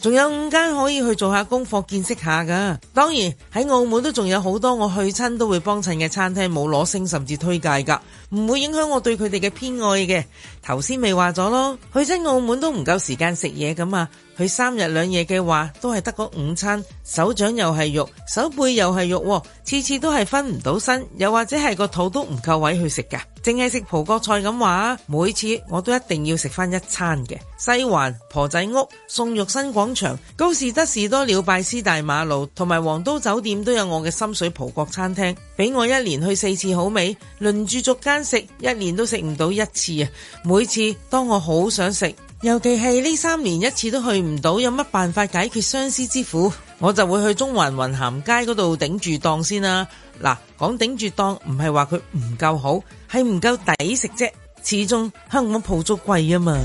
仲有五間可以去做下功課見識下噶。當然喺澳門都仲有好多我去親都會幫襯嘅餐廳，冇攞星甚至推介噶。唔會影響我對佢哋嘅偏愛嘅。頭先咪話咗咯，去親澳門都唔夠時間食嘢咁啊！佢三日兩夜嘅話，都係得個午餐，手掌又係肉，手背又係肉，次次都係分唔到身，又或者係個肚都唔夠位去食㗎，淨係食葡國菜咁話，每次我都一定要食返一餐嘅。西環婆仔屋、宋玉生廣場、高士德、士多鳥拜斯大馬路同埋皇都酒店都有我嘅心水葡國餐廳，俾我一年去四次好味，輪住逐間。食一年都食唔到一次啊！每次當我好想食，尤其係呢三年一次都去唔到，有乜辦法解決相思之苦？我就會去中環雲咸街嗰度頂住檔先啦。嗱，講頂住檔唔係話佢唔夠好，係唔夠抵食啫。始終香港鋪租貴啊嘛。